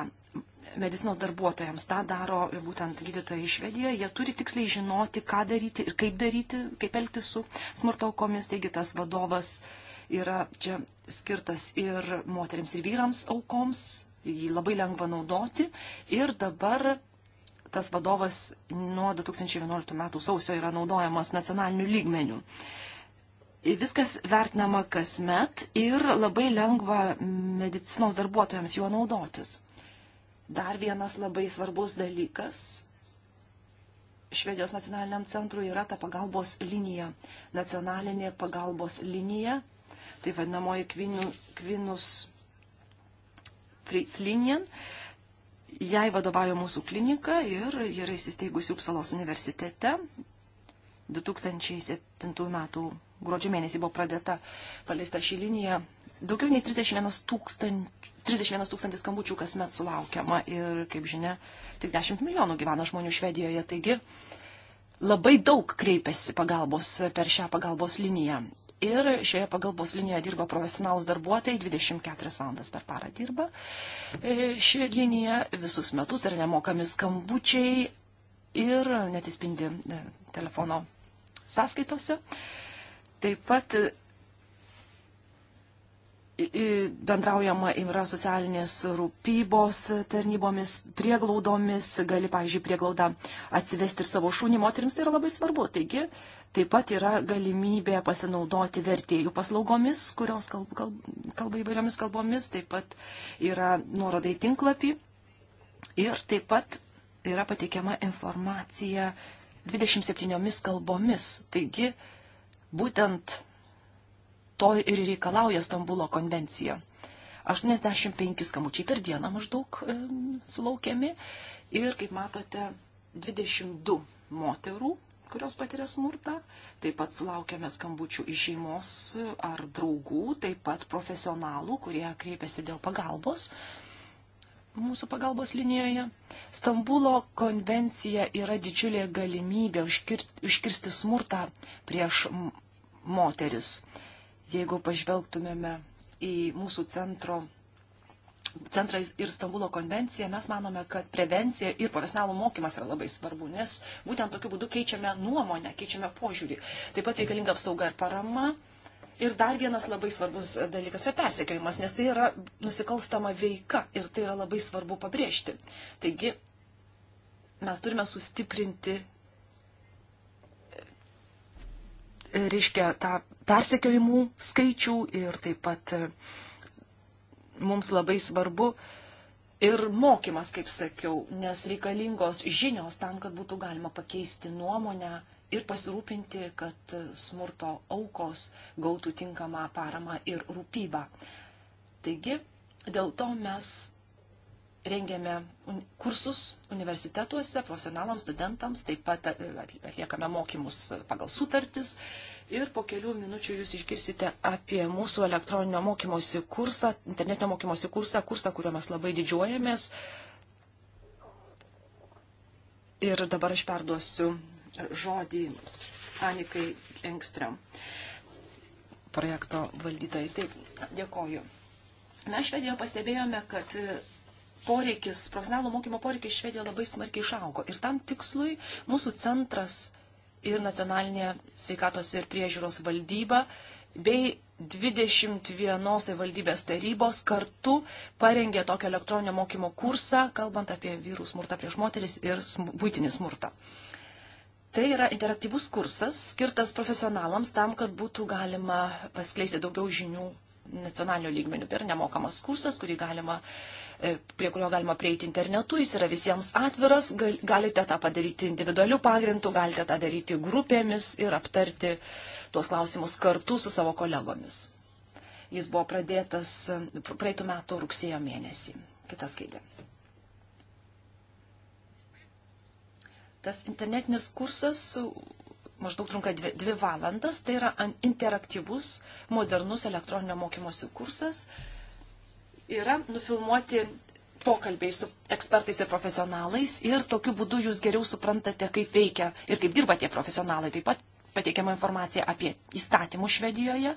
medicinos darbuotojams. Ta daro būtent gydytojai Švedijoje. Jie turi tiksliai žinoti, ką daryti ir kaip daryti, kaip elgtis su smurto aukomis. Taigi tas vadovas yra čia skirtas ir moteriams, ir vyrams aukoms. Jį labai lengva naudoti. Ir dabar tas vadovas nuo 2011 metų sausio yra naudojamas nacionaliniu lygmeniu. Viskas vertinama kasmet ir labai lengva medicinos darbuotojams juo naudotis. Dar vienas labai svarbus dalykas Švedijos nacionaliniam centrui yra ta pagalbos linija, nacionalinė pagalbos linija, tai vadinamoji kvinu, Kvinus Fritslinian. Jai vadovauja mūsų klinika ir yra įsisteigusi Upsalos universitete. 2007 m. gruodžio mėnesį buvo pradėta paleista ši linija Daugiau nei 31 tūkstančių 31 tūkstantis skambučių kasmet sulaukiama ir, kaip žinia, tik 10 milijonų gyvena žmonių Švedijoje, taigi labai daug kreipiasi pagalbos per šią pagalbos liniją. Ir šioje pagalbos linijoje dirba profesionalus darbuotojai, 24 valandas per parą dirba. E, ši linija visus metus yra nemokami skambučiai ir netispindi e, telefono sąskaitose. Taip pat bendraujama yra socialinės rūpybos tarnybomis, prieglaudomis, gali, pavyzdžiui, prieglaudą atsivesti ir savo šunį, moteriams tai yra labai svarbu. Taigi, taip pat yra galimybė pasinaudoti vertėjų paslaugomis, kurios kalba, kalba, kalba įvairiomis kalbomis, taip pat yra nuorodai tinklapį ir taip pat yra pateikiama informacija 27 kalbomis. Taigi, būtent to ir reikalauja Stambulo konvencija. 85 skamučiai per dieną maždaug e, sulaukiami ir, kaip matote, 22 moterų, kurios patiria smurtą. Taip pat sulaukiame skambučių iš šeimos ar draugų, taip pat profesionalų, kurie kreipiasi dėl pagalbos mūsų pagalbos linijoje. Stambulo konvencija yra didžiulė galimybė užkirti, užkirsti smurtą prieš moteris. Jeigu pažvelgtumėme į mūsų centro centrą ir Stambulo konvenciją, mes manome, kad prevencija ir profesionalų mokymas yra labai svarbu, nes būtent tokiu būdu keičiame nuomonę, keičiame požiūrį. Taip pat reikalinga apsauga ir parama. Ir dar vienas labai svarbus dalykas yra persekiojimas, nes tai yra nusikalstama veika ir tai yra labai svarbu pabrėžti. Taigi mes turime sustiprinti reiškia tą persekiojimų skaičių ir taip pat e, mums labai svarbu ir mokymas, kaip sakiau, nes reikalingos žinios tam, kad būtų galima pakeisti nuomonę ir pasirūpinti, kad smurto aukos gautų tinkamą paramą ir rūpybą. Taigi, dėl to mes rengiame kursus universitetuose, profesionalams, studentams, taip pat e, atliekame mokymus pagal sutartis. Ir po kelių minučių jūs išgirsite apie mūsų elektroninio mokymosi kursą, internetinio mokymosi kursą, kursą, kuriuo mes labai didžiuojamės. Ir dabar aš perduosiu e, žodį Anikai Engström, projekto valdytojai. Taip, dėkoju. Mes Švedijoje pastebėjome, kad e, poreikis, profesionalų mokymo poreikis Švedijoje labai smarkiai išaugo. Ir tam tikslui mūsų centras ir nacionalinė sveikatos ir priežiūros valdyba bei 21 valdybės tarybos kartu parengė tokio elektroninio mokymo kursą, kalbant apie vyrų smurtą prieš moteris ir būtinį smurtą. Tai yra interaktyvus kursas, skirtas profesionalams tam, kad būtų galima paskleisti daugiau žinių nacionalinio lygmenių. Tai yra nemokamas kursas, kurį galima prie kurio galima prieiti internetu, jis yra visiems atviras, galite tą padaryti individualių pagrindų, galite tą daryti grupėmis ir aptarti tuos klausimus kartu su savo kolegomis. Jis buvo pradėtas praeitų metų rugsėjo mėnesį. Kita skaidė. Tas internetinis kursas maždaug trunka dvi, dvi valandas, tai yra interaktyvus, modernus elektroninio mokymosi kursas yra nufilmuoti pokalbiai su ekspertais ir profesionalais ir tokiu būdu jūs geriau suprantate, kaip veikia ir kaip dirba tie profesionalai. Taip pat pateikiama informacija apie įstatymus Švedijoje,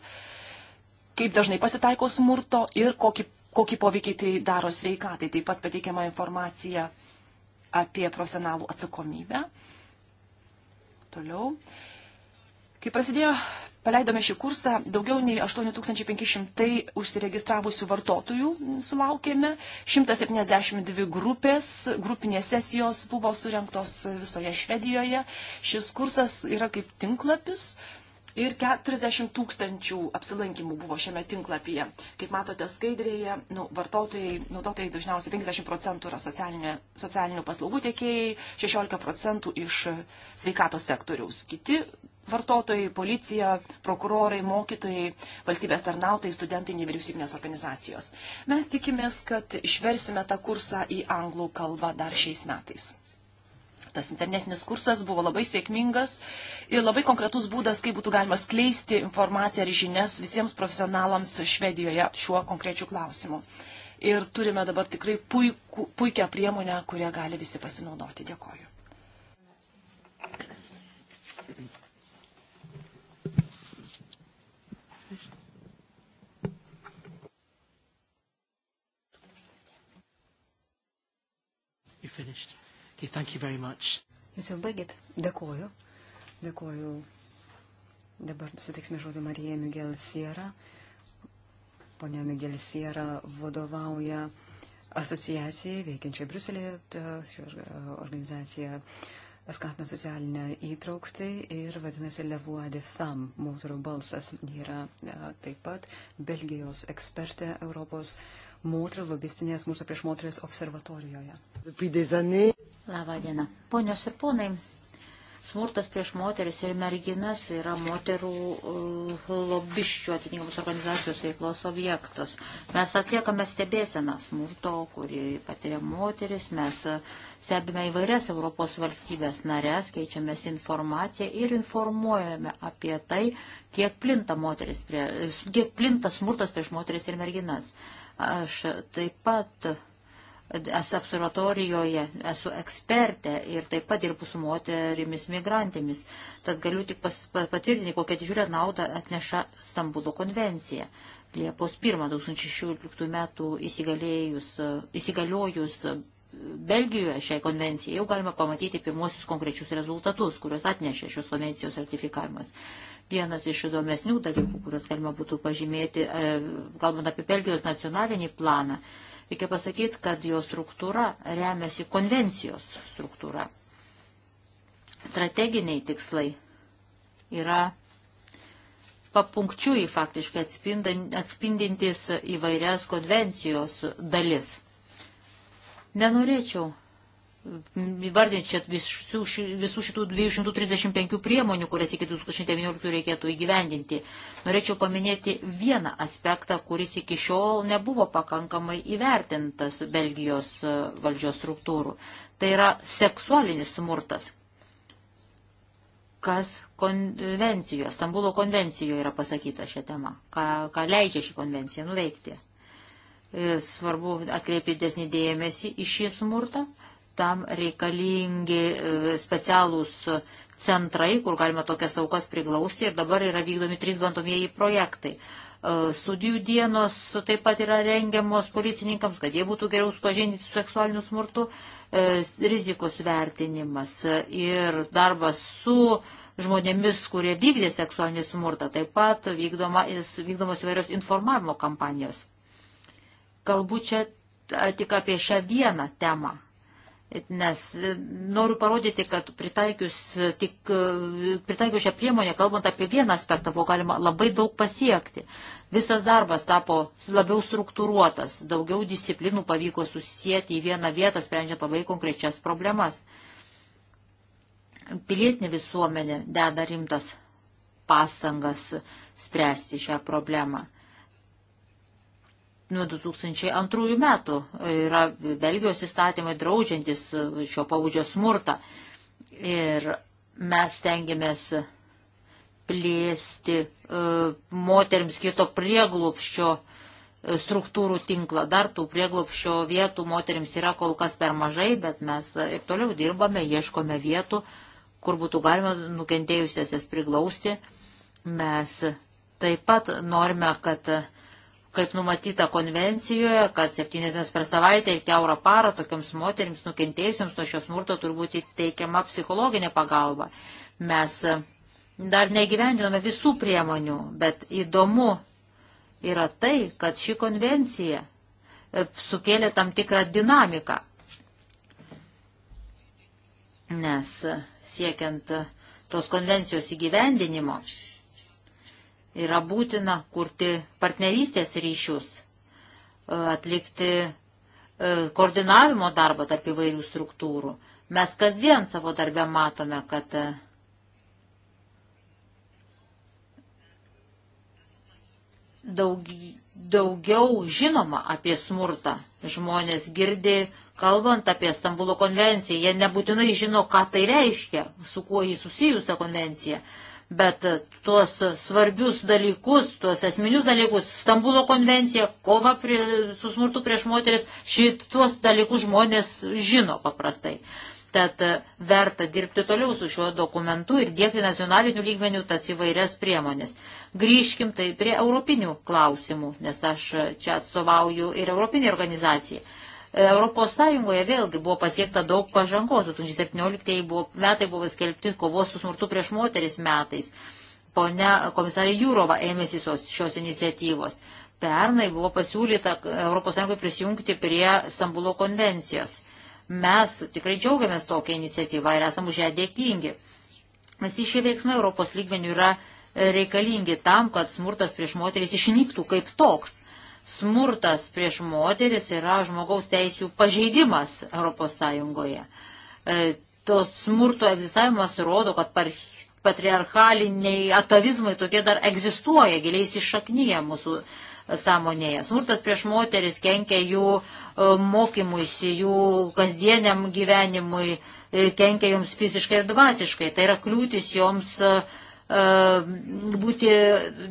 kaip dažnai pasitaiko smurto ir kokį, kokį poveikį tai daro sveikatai. Taip pat pateikiama informacija apie profesionalų atsakomybę. Toliau Kai prasidėjo, paleidome šį kursą, daugiau nei 8500 užsiregistravusių vartotojų sulaukėme, 172 grupės, grupinės sesijos buvo surinktos visoje Švedijoje. Šis kursas yra kaip tinklapis. Ir 40 tūkstančių apsilankimų buvo šiame tinklapyje. Kaip matote skaidrėje, nu, vartotojai, naudotojai dažniausiai 50 procentų yra socialinių paslaugų tiekėjai, 16 procentų iš sveikatos sektoriaus. Kiti vartotojai, policija, prokurorai, mokytojai, valstybės tarnautojai, studentai, nevyriausybinės organizacijos. Mes tikimės, kad išversime tą kursą į anglų kalbą dar šiais metais. Tas internetinis kursas buvo labai sėkmingas ir labai konkretus būdas, kaip būtų galima skleisti informaciją ir žinias visiems profesionalams Švedijoje šiuo konkrečiu klausimu. Ir turime dabar tikrai puikų, puikią priemonę, kurią gali visi pasinaudoti. Dėkoju. finished. Okay, thank you very much. Jūs jau baigėt. Dėkuoju. Dėkuoju. Dabar suteiksime žodį Marija Miguel Sierra. Pone Miguel Sierra vadovauja asociacijai veikiančiai Bruselėje, uh, organizacija skatina socialinę įtraukti ir vadinasi Levoa de Fam, moterų balsas. Ji yra uh, taip pat Belgijos ekspertė Europos moterų lobistinės mūsų prieš moteris observatorijoje. Labą dieną. Ponios ir ponai, smurtas prieš moteris ir merginas yra moterų uh, lobiščių atitinkamos organizacijos veiklos objektos. Mes atliekame stebėseną smurto, kurį patiria moteris, mes uh, stebime įvairias Europos valstybės narės, keičiamės informaciją ir informuojame apie tai, kiek plinta, prie, kiek plinta smurtas prieš moteris ir merginas. Aš taip pat esu observatorijoje, esu ekspertė ir taip pat dirbu su moterimis migrantėmis. Tad galiu tik pas, patvirtinti, kokią didžiulę naudą atneša Stambulo konvencija. Liepos 1.2016 metų įsigaliojus Belgijoje šiai konvencijai jau galima pamatyti pirmosius konkrečius rezultatus, kuriuos atnešė šios konvencijos ratifikavimas. Vienas iš įdomesnių dalykų, kuriuos galima būtų pažymėti, e, kalbant apie Belgijos nacionalinį planą, reikia pasakyti, kad jo struktūra remiasi konvencijos struktūra. Strateginiai tikslai yra papunkčiui faktiškai atspindintis įvairias konvencijos dalis. Nenorėčiau vardinčia visų, visų šitų 235 priemonių, kurias iki 2019 reikėtų įgyvendinti. Norėčiau paminėti vieną aspektą, kuris iki šiol nebuvo pakankamai įvertintas Belgijos e, valdžios struktūrų. Tai yra seksualinis smurtas, kas konvencijoje, Stambulo konvencijoje yra pasakyta šią temą, ką, ką leidžia šį konvenciją nuveikti. E, svarbu atkreipti desnį dėmesį į šį smurtą tam reikalingi e, specialūs centrai, kur galima tokias aukas priglausti ir dabar yra vykdomi trys bandomieji projektai. E, studijų dienos taip pat yra rengiamos policininkams, kad jie būtų geriau supažinti su seksualiniu smurtu, e, rizikos vertinimas ir darbas su žmonėmis, kurie vykdė seksualinį smurtą, taip pat vykdoma, vykdomos įvairios informavimo kampanijos. Kalbu čia tik apie šią vieną temą, Nes e, noriu parodyti, kad pritaikius, e, tik, e, pritaikius šią priemonę, kalbant apie vieną aspektą, buvo galima labai daug pasiekti. Visas darbas tapo labiau struktūruotas, daugiau disciplinų pavyko susijęti į vieną vietą, sprendžiant labai konkrečias problemas. Pilietinė visuomenė deda rimtas pastangas spręsti šią problemą nuo 2002 metų yra Belgijos įstatymai draudžiantis šio pabudžio smurtą. Ir mes tengiamės plėsti e, moteriams skirto prieglopščio e, struktūrų tinklą. Dar tų prieglopščio vietų moteriams yra kol kas per mažai, bet mes ir toliau dirbame, ieškome vietų, kur būtų galima nukentėjusiasias priglausti. Mes taip pat norime, kad kaip numatyta konvencijoje, kad septynės dienas per savaitę ir keurą parą tokiams moteriams nukentėjusiems nuo šios smurto turbūt teikiama psichologinė pagalba. Mes e, dar negyvendiname visų priemonių, bet įdomu yra tai, kad ši konvencija e, sukėlė tam tikrą dinamiką. Nes e, siekiant tos konvencijos įgyvendinimo, Yra būtina kurti partnerystės ryšius, e, atlikti e, koordinavimo darbą tarp įvairių struktūrų. Mes kasdien savo darbę matome, kad e, daug, daugiau žinoma apie smurtą. Žmonės girdi, kalbant apie Stambulo konvenciją, jie nebūtinai žino, ką tai reiškia, su kuo jį susijusią konvenciją bet e, tuos svarbius dalykus, tuos esminius dalykus, Stambulo konvencija, kova prie, su smurtu prieš moteris, šit tuos dalykus žmonės žino paprastai. Tad e, verta dirbti toliau su šiuo dokumentu ir dėkti nacionalinių lygmenių tas įvairias priemonės. Grįžkim tai prie europinių klausimų, nes aš e, čia atstovauju ir europinį organizaciją. Europos Sąjungoje vėlgi buvo pasiekta daug pažangos. 2017 buvo, metai buvo skelbti kovos su smurtu prieš moteris metais. Pone komisarė Jūrova ėmėsi šios iniciatyvos. Pernai buvo pasiūlyta ES prisijungti prie Stambulo konvencijos. Mes tikrai džiaugiamės tokią iniciatyvą ir esam už ją dėkingi. Visi šie veiksmai Europos lygmenių yra reikalingi tam, kad smurtas prieš moteris išnyktų kaip toks smurtas prieš moteris yra žmogaus teisų pažeidimas ES. E, to smurto egzistavimas rodo, kad patriarchaliniai atavizmai tokie dar egzistuoja, giliai įsišaknyja mūsų sąmonėje. Smurtas prieš moteris kenkia jų e, mokymuisi, jų kasdieniam gyvenimui, e, kenkia joms fiziškai ir dvasiškai. Tai yra kliūtis joms uh, E, būti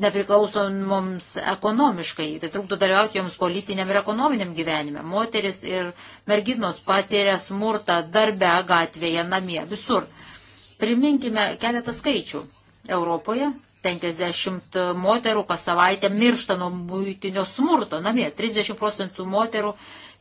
nepriklausomoms ekonomiškai. Tai trukdo dalyvauti joms politiniam ir ekonominiam gyvenime. Moteris ir merginos patiria smurtą darbe, gatvėje, namie, visur. Priminkime keletą skaičių. Europoje 50 moterų kas savaitę miršta nuo būtinio smurto namie. 30 procentų moterų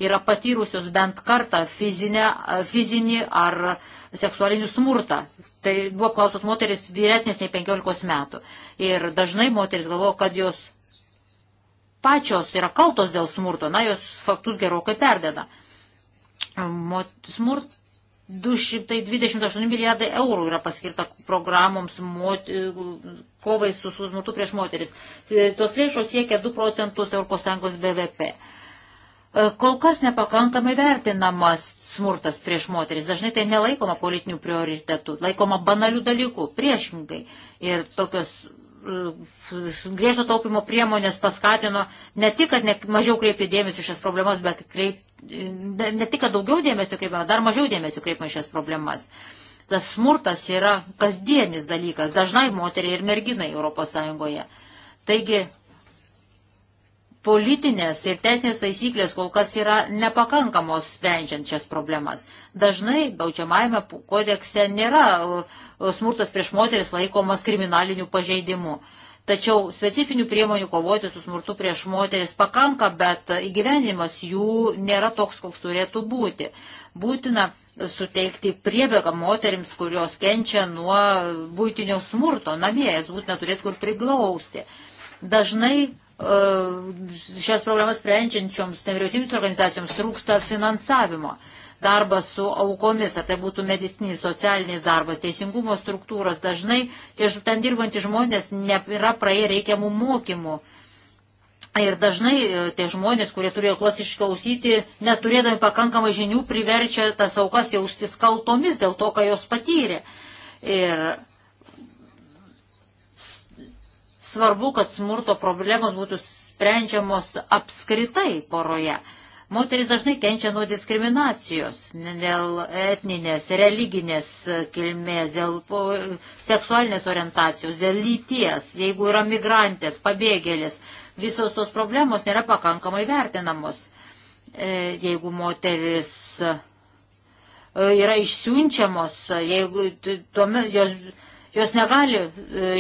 yra patyrusios bent kartą fizinę, fizinį ar uh, seksualinį smurtą. Tai buvo apklausos moteris vyresnės nei 15 metų. Ir dažnai moteris galvoja, kad jos pačios yra kaltos dėl smurto, na, jos faktus gerokai perdeda. Smurt 228 milijardai eurų yra paskirta programoms mot, kovai su smurtu prieš moteris. Tos lėšos siekia 2 procentus ES BVP. E, kol kas nepakankamai vertinamas smurtas prieš moteris. Dažnai tai nelaikoma politinių prioritetų, laikoma banalių dalykų, priešingai. Ir tokios e, griežto taupimo priemonės paskatino ne tik, kad ne, mažiau kreipti dėmesį šias problemas, bet kreip, ne, ne tik, kad daugiau dėmesio kreipiama, dar mažiau dėmesio kreipiama šias problemas. Tas smurtas yra kasdienis dalykas, dažnai moteriai ir merginai ES. Taigi politinės ir teisinės taisyklės kol kas yra nepakankamos sprendžiant šias problemas. Dažnai baudžiamajame kodekse nėra smurtas prieš moteris laikomas kriminaliniu pažeidimu. Tačiau specifinių priemonių kovoti su smurtu prieš moteris pakanka, bet įgyvenimas jų nėra toks, koks turėtų būti. Būtina suteikti priebėgą moterims, kurios kenčia nuo būtinio smurto namie, jas būtina turėti kur priglausti. Dažnai E, šias problemas sprendžiančioms nevyriausybinėms organizacijoms trūksta finansavimo. Darbas su aukomis, ar tai būtų medicininis, socialinis darbas, teisingumo struktūros, dažnai tie ten dirbantys žmonės nėra praėję reikiamų mokymų. Ir dažnai e, tie žmonės, kurie turėjo klas išklausyti, neturėdami pakankamai žinių, priverčia tas aukas jaustis kaltomis dėl to, ką jos patyrė. Ir Svarbu, kad smurto problemos būtų sprendžiamos apskritai poroje. Moteris dažnai kenčia nuo diskriminacijos dėl etninės, religinės kilmės, dėl seksualinės orientacijos, dėl lyties, jeigu yra migrantės, pabėgėlis. Visos tos problemos nėra pakankamai vertinamos. E, jeigu moteris e, yra išsiunčiamos, jeigu tuomet jos Jos negali e,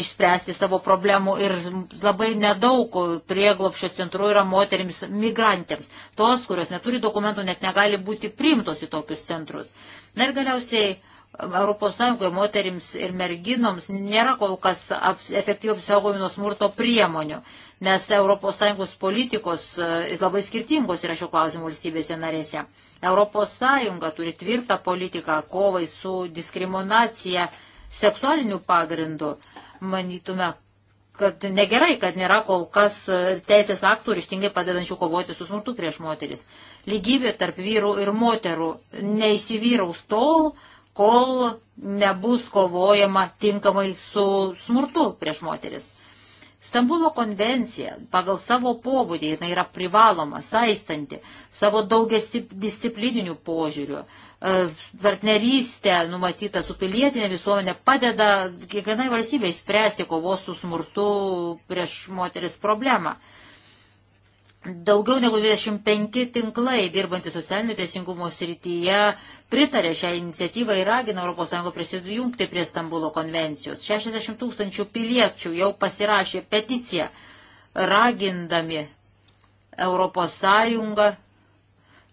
išspręsti savo problemų ir labai nedaug prieglopšio centrų yra moterims migrantėms. Tos, kurios neturi dokumentų, net negali būti priimtos į tokius centrus. Na ir galiausiai ES moterims ir merginoms nėra kol kas aps, efektyviai apsaugomi nuo smurto priemonių, nes ES politikos e, labai skirtingos yra šio klausimų valstybėse narėse. ES turi tvirtą politiką kovai su diskriminacija seksualiniu pagrindu. Manytume, kad negerai, kad nėra kol kas teisės aktų ryštingai padedančių kovoti su smurtu prieš moteris. Lygybė tarp vyrų ir moterų neįsivyraus tol, kol nebus kovojama tinkamai su smurtu prieš moteris. Stambulo konvencija pagal savo pobūdį jinai yra privaloma, saistanti, savo daugias disciplininių požiūrių. E, partnerystė numatyta su pilietinė visuomenė padeda kiekvienai valstybei spręsti kovos su smurtu prieš moteris problemą. Daugiau negu 25 tinklai dirbantys socialinių teisingumo srityje pritarė šią iniciatyvą ir ragina ES prisijungti prie Stambulo konvencijos. 60 tūkstančių piliečių jau pasirašė peticiją ragindami ES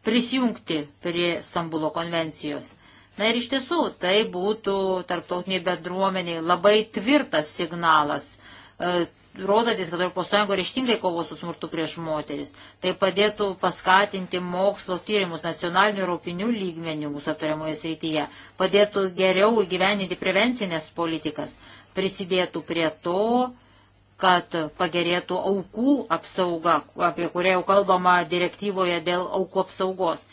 prisijungti prie Stambulo konvencijos. Na ir iš tiesų, tai būtų tarptautiniai bendruomeniai labai tvirtas signalas, e, rodantis, kad Europos Sąjunga reištingai kovo su smurtu prieš moteris. Tai padėtų paskatinti mokslo tyrimus nacionalinių ir europinių lygmenių mūsų aptariamoje srityje, padėtų geriau įgyveninti prevencinės politikas, prisidėtų prie to, kad pagerėtų aukų apsauga, apie kurią jau kalbama direktyvoje dėl aukų apsaugos.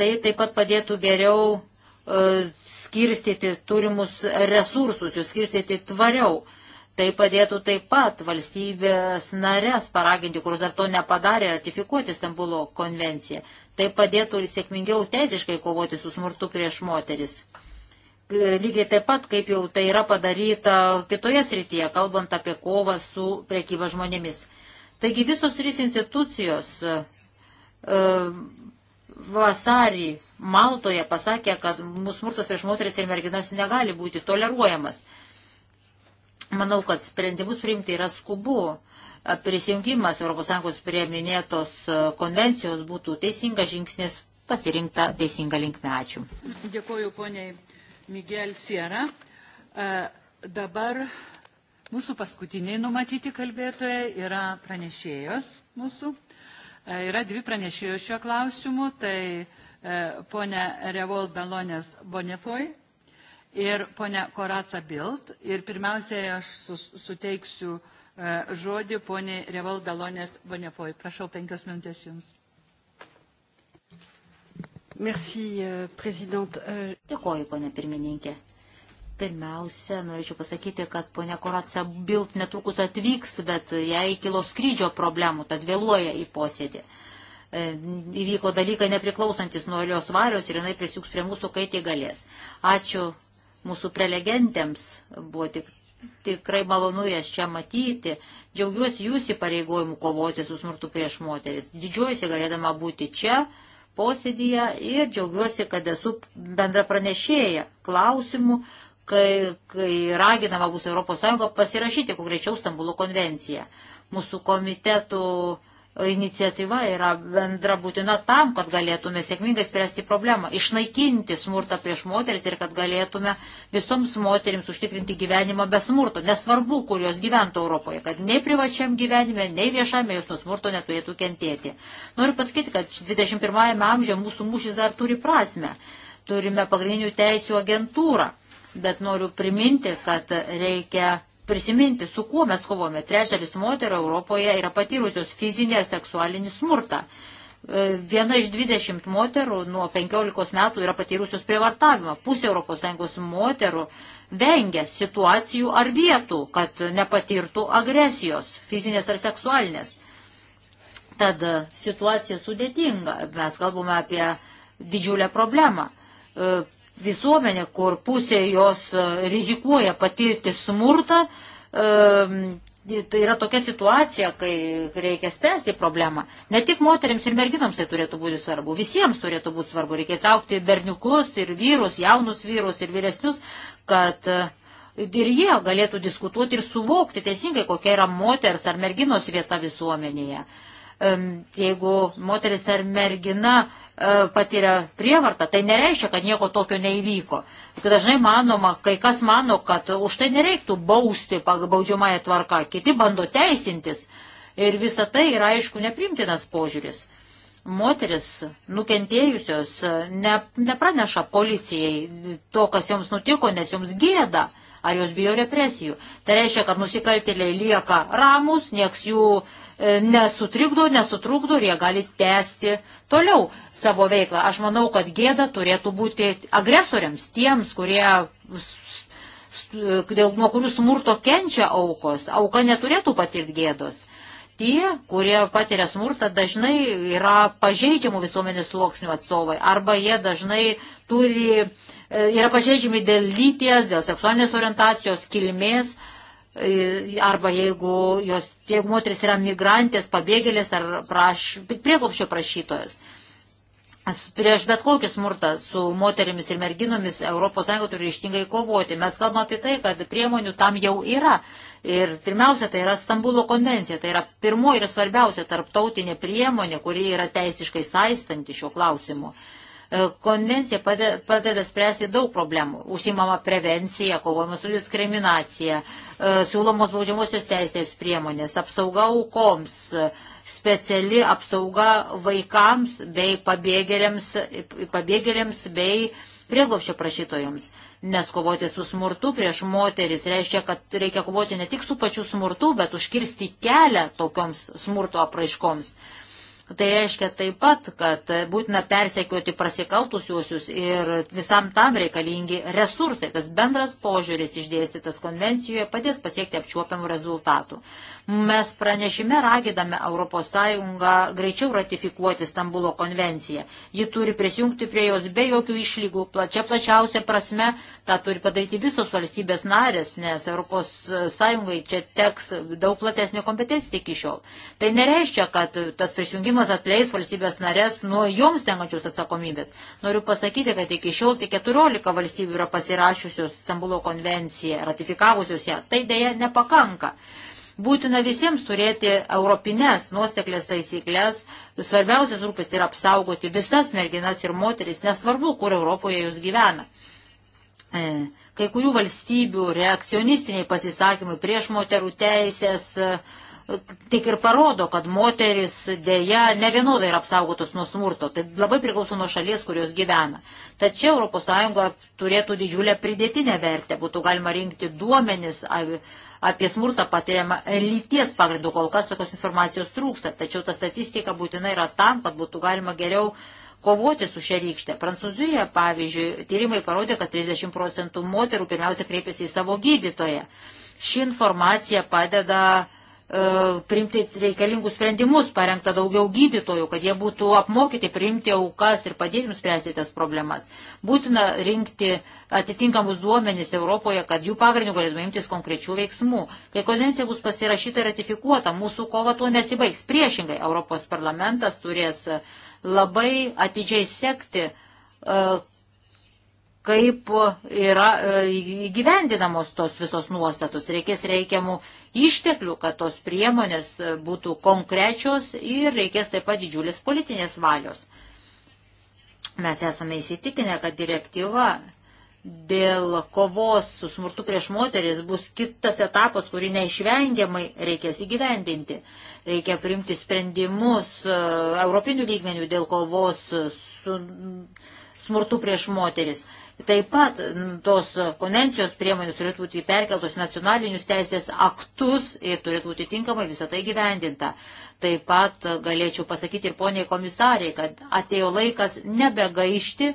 Tai taip pat padėtų geriau e, skirstyti turimus resursus, jų skirstyti tvariau. Tai padėtų taip pat valstybės narės paraginti, kur dar to nepadarė, ratifikuoti Stambulo konvenciją. Tai padėtų ir sėkmingiau teisiškai kovoti su smurtu prieš moteris lygiai taip pat, kaip jau tai yra padaryta kitoje srityje, kalbant apie kovą su priekyba žmonėmis. Taigi visos trys institucijos e, vasarį Maltoje pasakė, kad mūsų smurtas prieš moteris ir merginas negali būti toleruojamas. Manau, kad sprendimus priimti yra skubu. Prisijungimas ES prie minėtos e, konvencijos būtų teisingas žingsnis pasirinkta teisinga linkme. Ačiū. Dėkuoju poniai Miguel Sierra. E, dabar mūsų paskutiniai numatyti kalbėtojai yra pranešėjos mūsų. E, yra dvi pranešėjos šiuo klausimu, tai e, ponia Revol Dalonės Bonefoj ir ponia Koraca Bild. Ir pirmiausiai aš suteiksiu žodį poniai Revol Dalonės Bonefoj. Prašau, penkios minutės jums. Merci, euh, prezident. Euh, Dėkoju, ponė pirmininkė. Pirmiausia, norėčiau pasakyti, kad ponia Koratsa Bilt netrukus atvyks, bet jai kilo skrydžio problemų, tad vėluoja į posėdį. E, įvyko dalykai nepriklausantis nuo jos varios ir jinai prisijuks prie mūsų, kai tai galės. Ačiū mūsų prelegentėms, buvo tik, tikrai malonu jas čia matyti. Džiaugiuosi jūsų pareigojimu kovoti su smurtu prieš moteris. Didžiuosi galėdama būti čia posėdyje ir džiaugiuosi, kad esu bendra pranešėja klausimų, kai, kai raginama bus ES pasirašyti konkrečiau Stambulo konvenciją. Mūsų komitetų iniciatyva yra bendra būtina tam, kad galėtume sėkmingai spręsti problemą, išnaikinti smurtą prieš moteris ir kad galėtume visoms moterims užtikrinti gyvenimą be smurto, nesvarbu, kur jos gyventų Europoje, kad nei privačiam gyvenime, nei viešame jos nuo smurto neturėtų kentėti. Noriu pasakyti, kad 21-ame amžiuje mūsų mūšis dar turi prasme. Turime pagrindinių teisų agentūrą, bet noriu priminti, kad reikia prisiminti, su kuo mes kovome. Trečdalis moterų Europoje yra patyrusios fizinį ar seksualinį smurtą. E, viena iš 20 moterų nuo 15 metų yra patyrusios prievartavimą. Pusė ES moterų vengia situacijų ar vietų, kad nepatirtų agresijos, fizinės ar seksualinės. Tad situacija sudėtinga. Mes kalbame apie didžiulę problemą e, visuomenė, kur pusė jos e, rizikuoja patirti smurtą, e, tai yra tokia situacija, kai reikia spręsti problemą. Ne tik moteriams ir merginoms tai turėtų būti svarbu, visiems turėtų būti svarbu. Reikia traukti berniukus ir vyrus, jaunus vyrus ir vyresnius, kad e, ir jie galėtų diskutuoti ir suvokti teisingai, kokia yra moters ar merginos vieta visuomenėje. Jeigu moteris ar mergina E, patiria prievartą, tai nereiškia, kad nieko tokio neįvyko. Dažnai manoma, kai kas mano, kad už tai nereiktų bausti baudžiamąją tvarką, kiti bando teisintis ir visa tai yra aišku neprimtinas požiūris. Moteris nukentėjusios e, ne, nepraneša policijai to, kas joms nutiko, nes joms gėda ar jos bijo represijų. Tai reiškia, kad nusikaltėliai lieka ramus, nieks jų uh, E, nesutrikdo, nesutrukdo ir jie gali tęsti toliau savo veiklą. Aš manau, kad gėda turėtų būti agresoriams, tiems, kurie, dėl, nuo kurių smurto kenčia aukos. Auka neturėtų patirti gėdos. Tie, kurie patiria smurtą, dažnai yra pažeidžiamų visuomenės sluoksnių atstovai arba jie dažnai turi, e, yra pažeidžiami dėl lyties, dėl seksualinės orientacijos, kilmės E, arba jeigu, jos, jeigu moteris yra migrantės, pabėgėlės ar praš, priekopščio prašytojas. Prieš bet kokį smurtą su moterimis ir merginomis ES turi ištingai kovoti. Mes kalbame apie tai, kad priemonių tam jau yra. Ir pirmiausia, tai yra Stambulo konvencija, tai yra pirmoji ir svarbiausia tarptautinė priemonė, kuri yra teisiškai saistanti šiuo klausimu. Uh, E, konvencija padeda spręsti daug problemų. Užsimama prevencija, kovojama su diskriminacija, e, siūlomos baudžiamosios teisės priemonės, apsauga aukoms, speciali apsauga vaikams bei pabėgėliams, pabėgėliams bei prieglopščio prašytojams, nes kovoti su smurtu prieš moteris reiškia, kad reikia kovoti ne tik su pačiu smurtu, bet užkirsti kelią tokioms smurto apraiškoms. Tai reiškia taip pat, kad būtina persekioti prasikaltusiuosius ir visam tam reikalingi resursai. Tas bendras požiūris išdėstytas konvencijoje padės pasiekti apčiuopiamų rezultatų. Mes pranešime ragidame ES greičiau ratifikuoti Stambulo konvenciją. Ji turi prisijungti prie jos be jokių išlygų. Plačia plačiausia prasme tą turi padaryti visos valstybės narės, nes ES čia teks daug platesnė kompetencija iki šiol. Tai nereiškia, kad tas prisijungimas susitarimas atleis valstybės narės nuo joms tenkančios atsakomybės. Noriu pasakyti, kad iki šiol tik 14 valstybių yra pasirašiusios Stambulo konvenciją, ratifikavusios ją. Tai dėja nepakanka. Būtina visiems turėti europinės nuoseklės taisyklės. Svarbiausias rūpės yra apsaugoti visas merginas ir moteris, nesvarbu, kur Europoje jūs gyvena. E kai kurių valstybių reakcionistiniai pasisakymai prieš moterų teisės tik ir parodo, kad moteris dėja ne vienodai yra apsaugotos nuo smurto. Tai labai priklauso nuo šalies, kurios gyvena. Tačiau ES turėtų didžiulę pridėtinę vertę. Būtų galima rinkti duomenis apie smurtą patiriamą lyties pagrindų. Kol kas tokios informacijos trūksta. Tačiau ta statistika būtina yra tam, kad būtų galima geriau kovoti su šia rykšte. Prancūzijoje, pavyzdžiui, tyrimai parodė, kad 30 procentų moterų pirmiausia kreipiasi į savo gydytoją. Ši informacija padeda E, priimti reikalingus sprendimus, parengta daugiau gydytojų, kad jie būtų apmokyti priimti aukas ir padėti jums spręsti tas problemas. Būtina rinkti atitinkamus duomenys Europoje, kad jų pagrindų galėtume imtis konkrečių veiksmų. Kai konvencija bus pasirašyta ir ratifikuota, mūsų kova tuo nesibaigs. Priešingai, Europos parlamentas turės labai atidžiai sekti, e, kaip yra e, įgyvendinamos tos visos nuostatos. Reikės reikiamų išteklių, kad tos priemonės būtų konkrečios ir reikės taip pat didžiulės politinės valios. Mes esame įsitikinę, kad direktyva dėl kovos su smurtu prieš moteris bus kitas etapas, kurį neišvengiamai reikės įgyvendinti. Reikia priimti sprendimus e, europinių lygmenių dėl kovos su smurtu prieš moteris. Taip pat tos konvencijos priemonės turėtų būti perkeltos nacionalinius teisės aktus ir turėtų būti tinkamai visą tai gyvendinta. Taip pat galėčiau pasakyti ir poniai komisariai, kad atėjo laikas nebegaišti,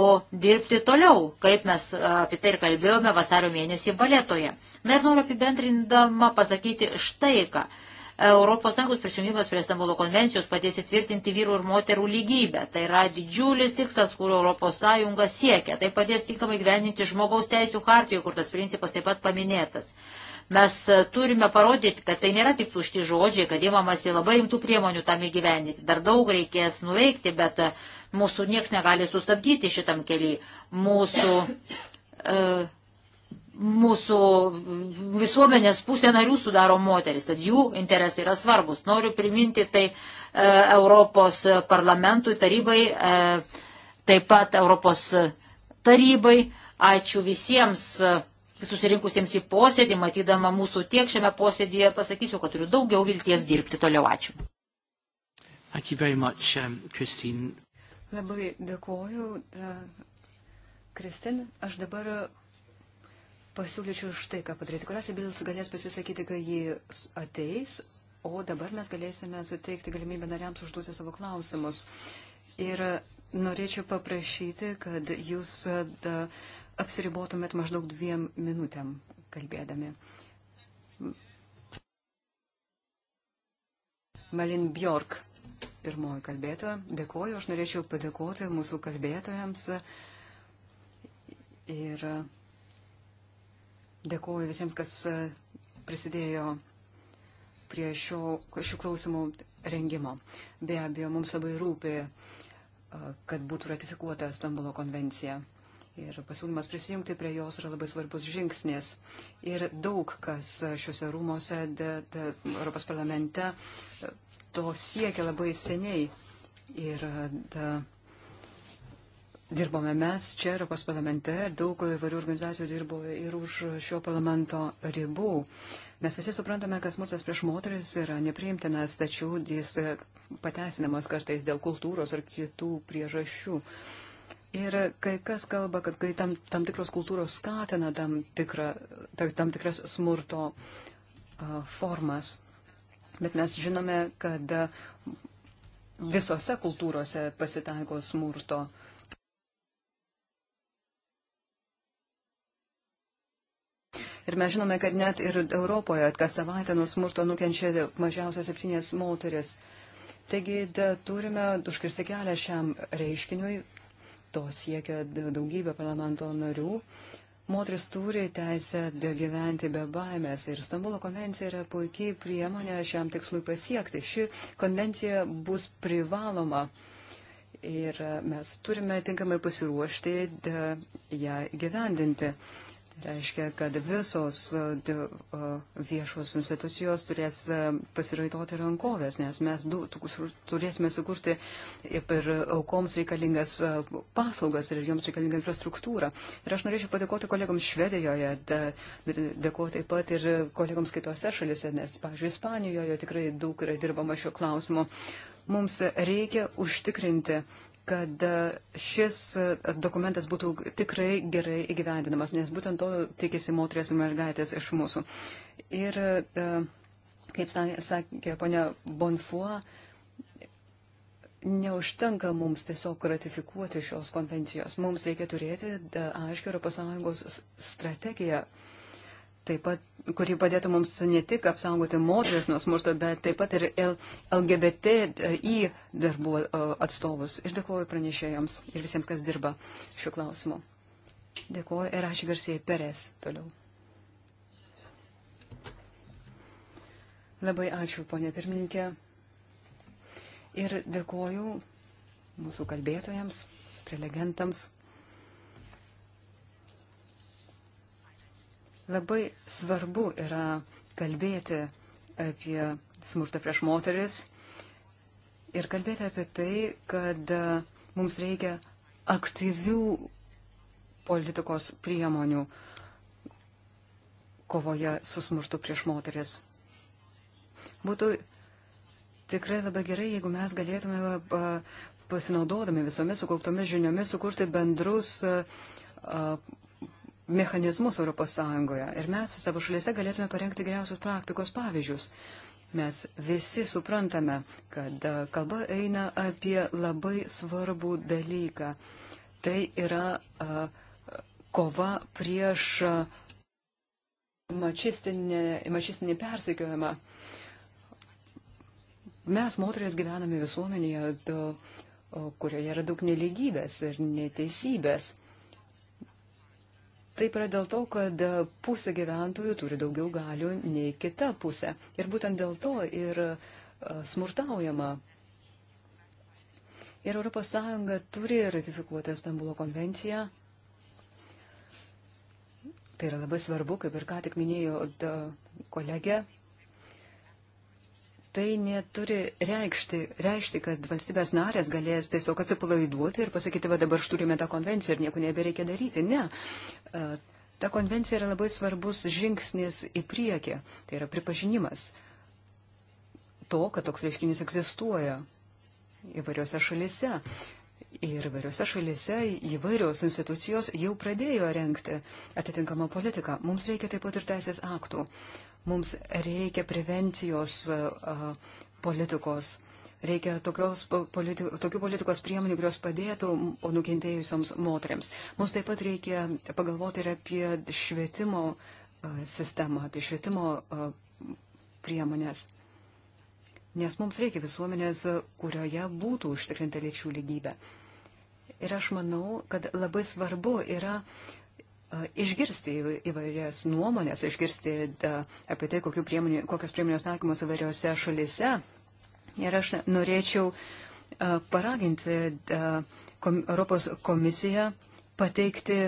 o dirbti toliau, kaip mes e, apie tai ir kalbėjome vasario mėnesį valetoje. Na ir noriu apibendrindama pasakyti štai ką. ES prisijungimas prie Stambulo konvencijos padės įtvirtinti vyrų ir moterų lygybę. Tai yra didžiulis tikslas, kurio ES siekia. Tai padės tinkamai gyveninti žmogaus teisų hartijoje, kur tas principas taip pat paminėtas. Mes turime parodyti, kad tai nėra tik tušti žodžiai, kad įmamasi labai imtų priemonių tam įgyvendinti. Dar daug reikės nuveikti, bet e, mūsų nieks negali sustabdyti šitam keliui. Mūsų uh, mūsų visuomenės pusė narių sudaro moteris, tad jų interesai yra svarbus. Noriu priminti tai e, Europos parlamentui, tarybai, e, taip pat Europos tarybai. Ačiū visiems susirinkusiems į posėdį, matydama mūsų tiek šiame posėdėje, pasakysiu, kad turiu daugiau vilties dirbti toliau. Ačiū. Much, um, Labai dėkuoju, e, Kristin. Aš dabar pasiūlyčiau štai ką padaryti. Kurasi Bils galės pasisakyti, kai ji ateis, o dabar mes galėsime suteikti galimybę nariams užduoti savo klausimus. Ir norėčiau paprašyti, kad jūs e, da, apsiribotumėt maždaug dviem minutėm kalbėdami. Malin Bjork, pirmoji kalbėtoja. Dėkoju, aš norėčiau padėkoti mūsų kalbėtojams. Ir uh, Dėkuoju visiems, kas e, prisidėjo prie šio, šių klausimų rengimo. Be abejo, mums labai rūpi, e, kad būtų ratifikuota Stambulo konvencija. Ir pasiūlymas prisijungti prie jos yra labai svarbus žingsnis. Ir daug kas e, šiuose rūmose, de, de, Europos parlamente, to siekia labai seniai. Ir da, Dirbome mes čia Europos parlamente ir daug įvairių organizacijų dirbo ir už šio parlamento ribų. Mes visi suprantame, kad smurtas prieš moteris yra nepriimtinas, tačiau jis pateisinamas kartais dėl kultūros ar kitų priežasčių. Ir kai kas kalba, kad kai tam, tam tikros kultūros skatina tam, tikrą, tam tikras smurto uh, formas. Bet mes žinome, kad visose kultūrose pasitaiko smurto. Ir mes žinome, kad net ir Europoje kas savaitę nuo smurto nukenčia mažiausiai septynės moteris. Taigi da, turime užkirsti kelią šiam reiškiniui, to siekia daugybė parlamento narių. Moteris turi teisę gyventi be baimės ir Stambulo konvencija yra puikiai priemonė šiam tikslui pasiekti. Ši konvencija bus privaloma ir mes turime tinkamai pasiruošti ją gyvendinti reiškia, kad visos e, e, viešos institucijos turės e, pasiraitoti rankovės, nes mes du, turėsime sukurti ir aukoms reikalingas paslaugas ir joms reikalingą infrastruktūrą. Ir aš norėčiau padėkoti kolegams Švedijoje, dėkoti taip pat ir kolegams kitose šalise, nes, pavyzdžiui, Ispanijoje tikrai daug yra dirbama šiuo klausimu. Mums reikia užtikrinti kad šis dokumentas būtų tikrai gerai įgyvendinamas, nes būtent to tikisi moteris ir mergaitės iš mūsų. Ir, e, kaip sakė ponia Bonfua, neužtenka mums tiesiog ratifikuoti šios konvencijos. Mums reikia turėti aiškią ES strategiją taip pat, kuri padėtų mums ne tik apsaugoti moteris nuo smurto, bet taip pat ir LGBTI darbų atstovus. Ir dėkuoju pranešėjams ir visiems, kas dirba šiuo klausimu. Dėkuoju ir aš garsiai Perės toliau. Labai ačiū, ponė pirmininkė. Ir dėkuoju mūsų kalbėtojams, prelegentams. Labai svarbu yra kalbėti apie smurtą prieš moteris ir kalbėti apie tai, kad e, mums reikia aktyvių politikos priemonių kovoje su smurtu prieš moteris. Būtų tikrai labai gerai, jeigu mes galėtume e, pasinaudodami visomis sukauptomis žiniomis sukurti bendrus e, mechanizmus ES ir mes savo šalyse galėtume parengti geriausius praktikos pavyzdžius. Mes visi suprantame, kad kalba eina apie labai svarbų dalyką. Tai yra a, kova prieš mačistinį persekiojimą. Mes, moteris, gyvename visuomenėje, to, kurioje yra daug neligybės ir neteisybės. Taip yra dėl to, kad pusė gyventojų turi daugiau galių nei kita pusė. Ir būtent dėl to ir e, smurtaujama. Ir ES turi ratifikuoti Stambulo konvenciją. Tai yra labai svarbu, kaip ir ką tik minėjo kolegė tai neturi reikšti, reikšti, kad valstybės narės galės tiesiog atsipalaiduoti ir pasakyti, va dabar turime tą konvenciją ir nieko nebereikia daryti. Ne. Ta konvencija yra labai svarbus žingsnis į priekį. Tai yra pripažinimas to, kad toks reiškinys egzistuoja įvairiose šalise. Ir įvairiose šalise įvairios institucijos jau pradėjo renkti atitinkamą politiką. Mums reikia taip pat ir teisės aktų. Uh, Mums reikia prevencijos politikos. Reikia tokios politi tokių politikos priemonių, kurios padėtų nukentėjusioms moteriams. Mums taip pat reikia pagalvoti ir apie švietimo sistemą, apie švietimo priemonės. Nes mums reikia visuomenės, kurioje būtų užtikrinta lyčių lygybė. Ir aš manau, kad labai svarbu yra uh, E, išgirsti įvairias nuomonės, išgirsti e, apie tai, priemonė, kokios priemonės taikomos įvairiose šalise. Ir aš norėčiau e, paraginti Europos komisiją pateikti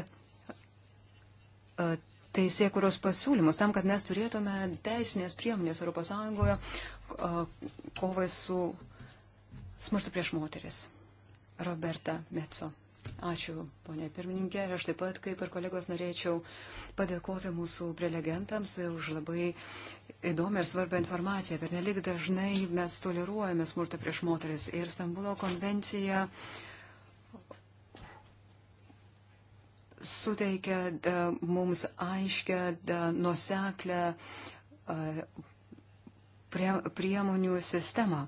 teisėkuros pasiūlymus tam, kad mes turėtume teisinės priemonės ES kovai su smurtu prieš moteris. Roberta Metso. Ačiū, ponė pirmininkė. Aš taip pat, kaip ir kolegos, norėčiau padėkoti mūsų prelegentams už labai įdomią ir svarbią informaciją. Per nelik dažnai mes toleruojame smurtą prieš moteris ir Stambulo konvencija suteikia da, mums aiškę, da, nuseklę a, prie, priemonių sistemą.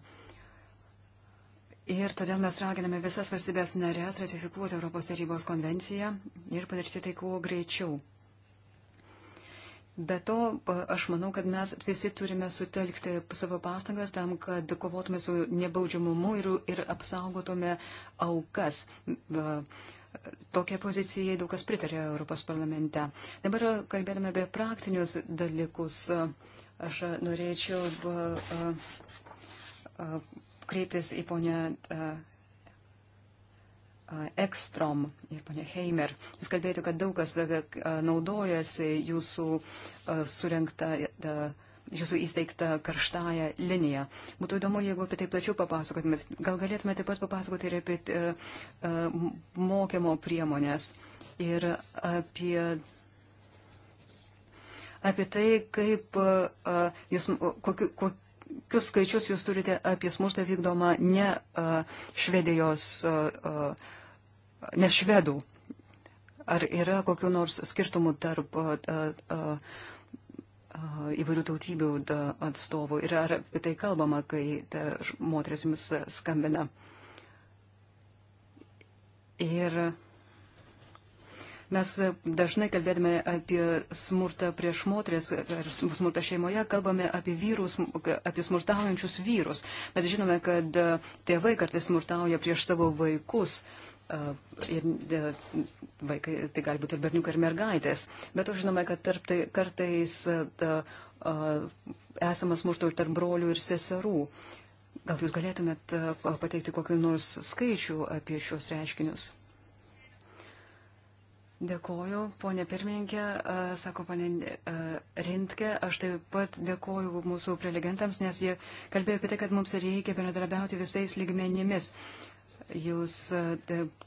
Ir todėl mes raginame visas valstybės narės ratifikuoti Europos tarybos konvenciją ir padaryti tai kuo greičiau. Be to, aš manau, kad mes visi turime sutelkti savo pastangas tam, kad kovotume su nebaudžiamumu ir, ir apsaugotume aukas. Tokia pozicijai daug kas pritarė Europos parlamente. Dabar kalbėdame apie praktinius dalykus. Aš norėčiau kreiptis į ponę e, e, Ekstrom ir ponė Heimer. Jūs kalbėjote, kad daug kas e, naudojasi jūsų surinkta, jūsų įsteigta karštąją liniją. Būtų įdomu, jeigu apie tai plačiau papasakotumėt. Gal galėtumėte taip pat papasakoti ir apie mokymo priemonės ir apie apie tai, kaip, uh, jūs, kokiu, kok, kokius skaičius jūs turite apie smurtą vykdomą ne švedijos, ne švedų? Ar yra kokiu nors skirtumu tarp įvairių tautybių atstovų ir ar apie tai kalbama, kai moteris jums skambina? Ir Mes dažnai kalbėdami apie smurtą prieš moteris ar smurtą šeimoje, kalbame apie vyrus, apie smurtaujančius vyrus. Mes žinome, kad e, tėvai kartais smurtauja prieš savo vaikus. E, ir e, vaikai, tai gali būti ir berniukai, ir mergaitės. Bet to žinome, kad tarp tai kartais esamas smurto ir tarp brolių ir seserų. Gal jūs galėtumėt pateikti kokiu nors skaičių apie šios reiškinius? Dėkoju, ponė pirmininkė, sako ponė Rintke, aš taip pat dėkoju mūsų prelegentams, nes jie kalbėjo apie tai, kad mums reikia bendradarbiauti visais lygmenimis. Jūs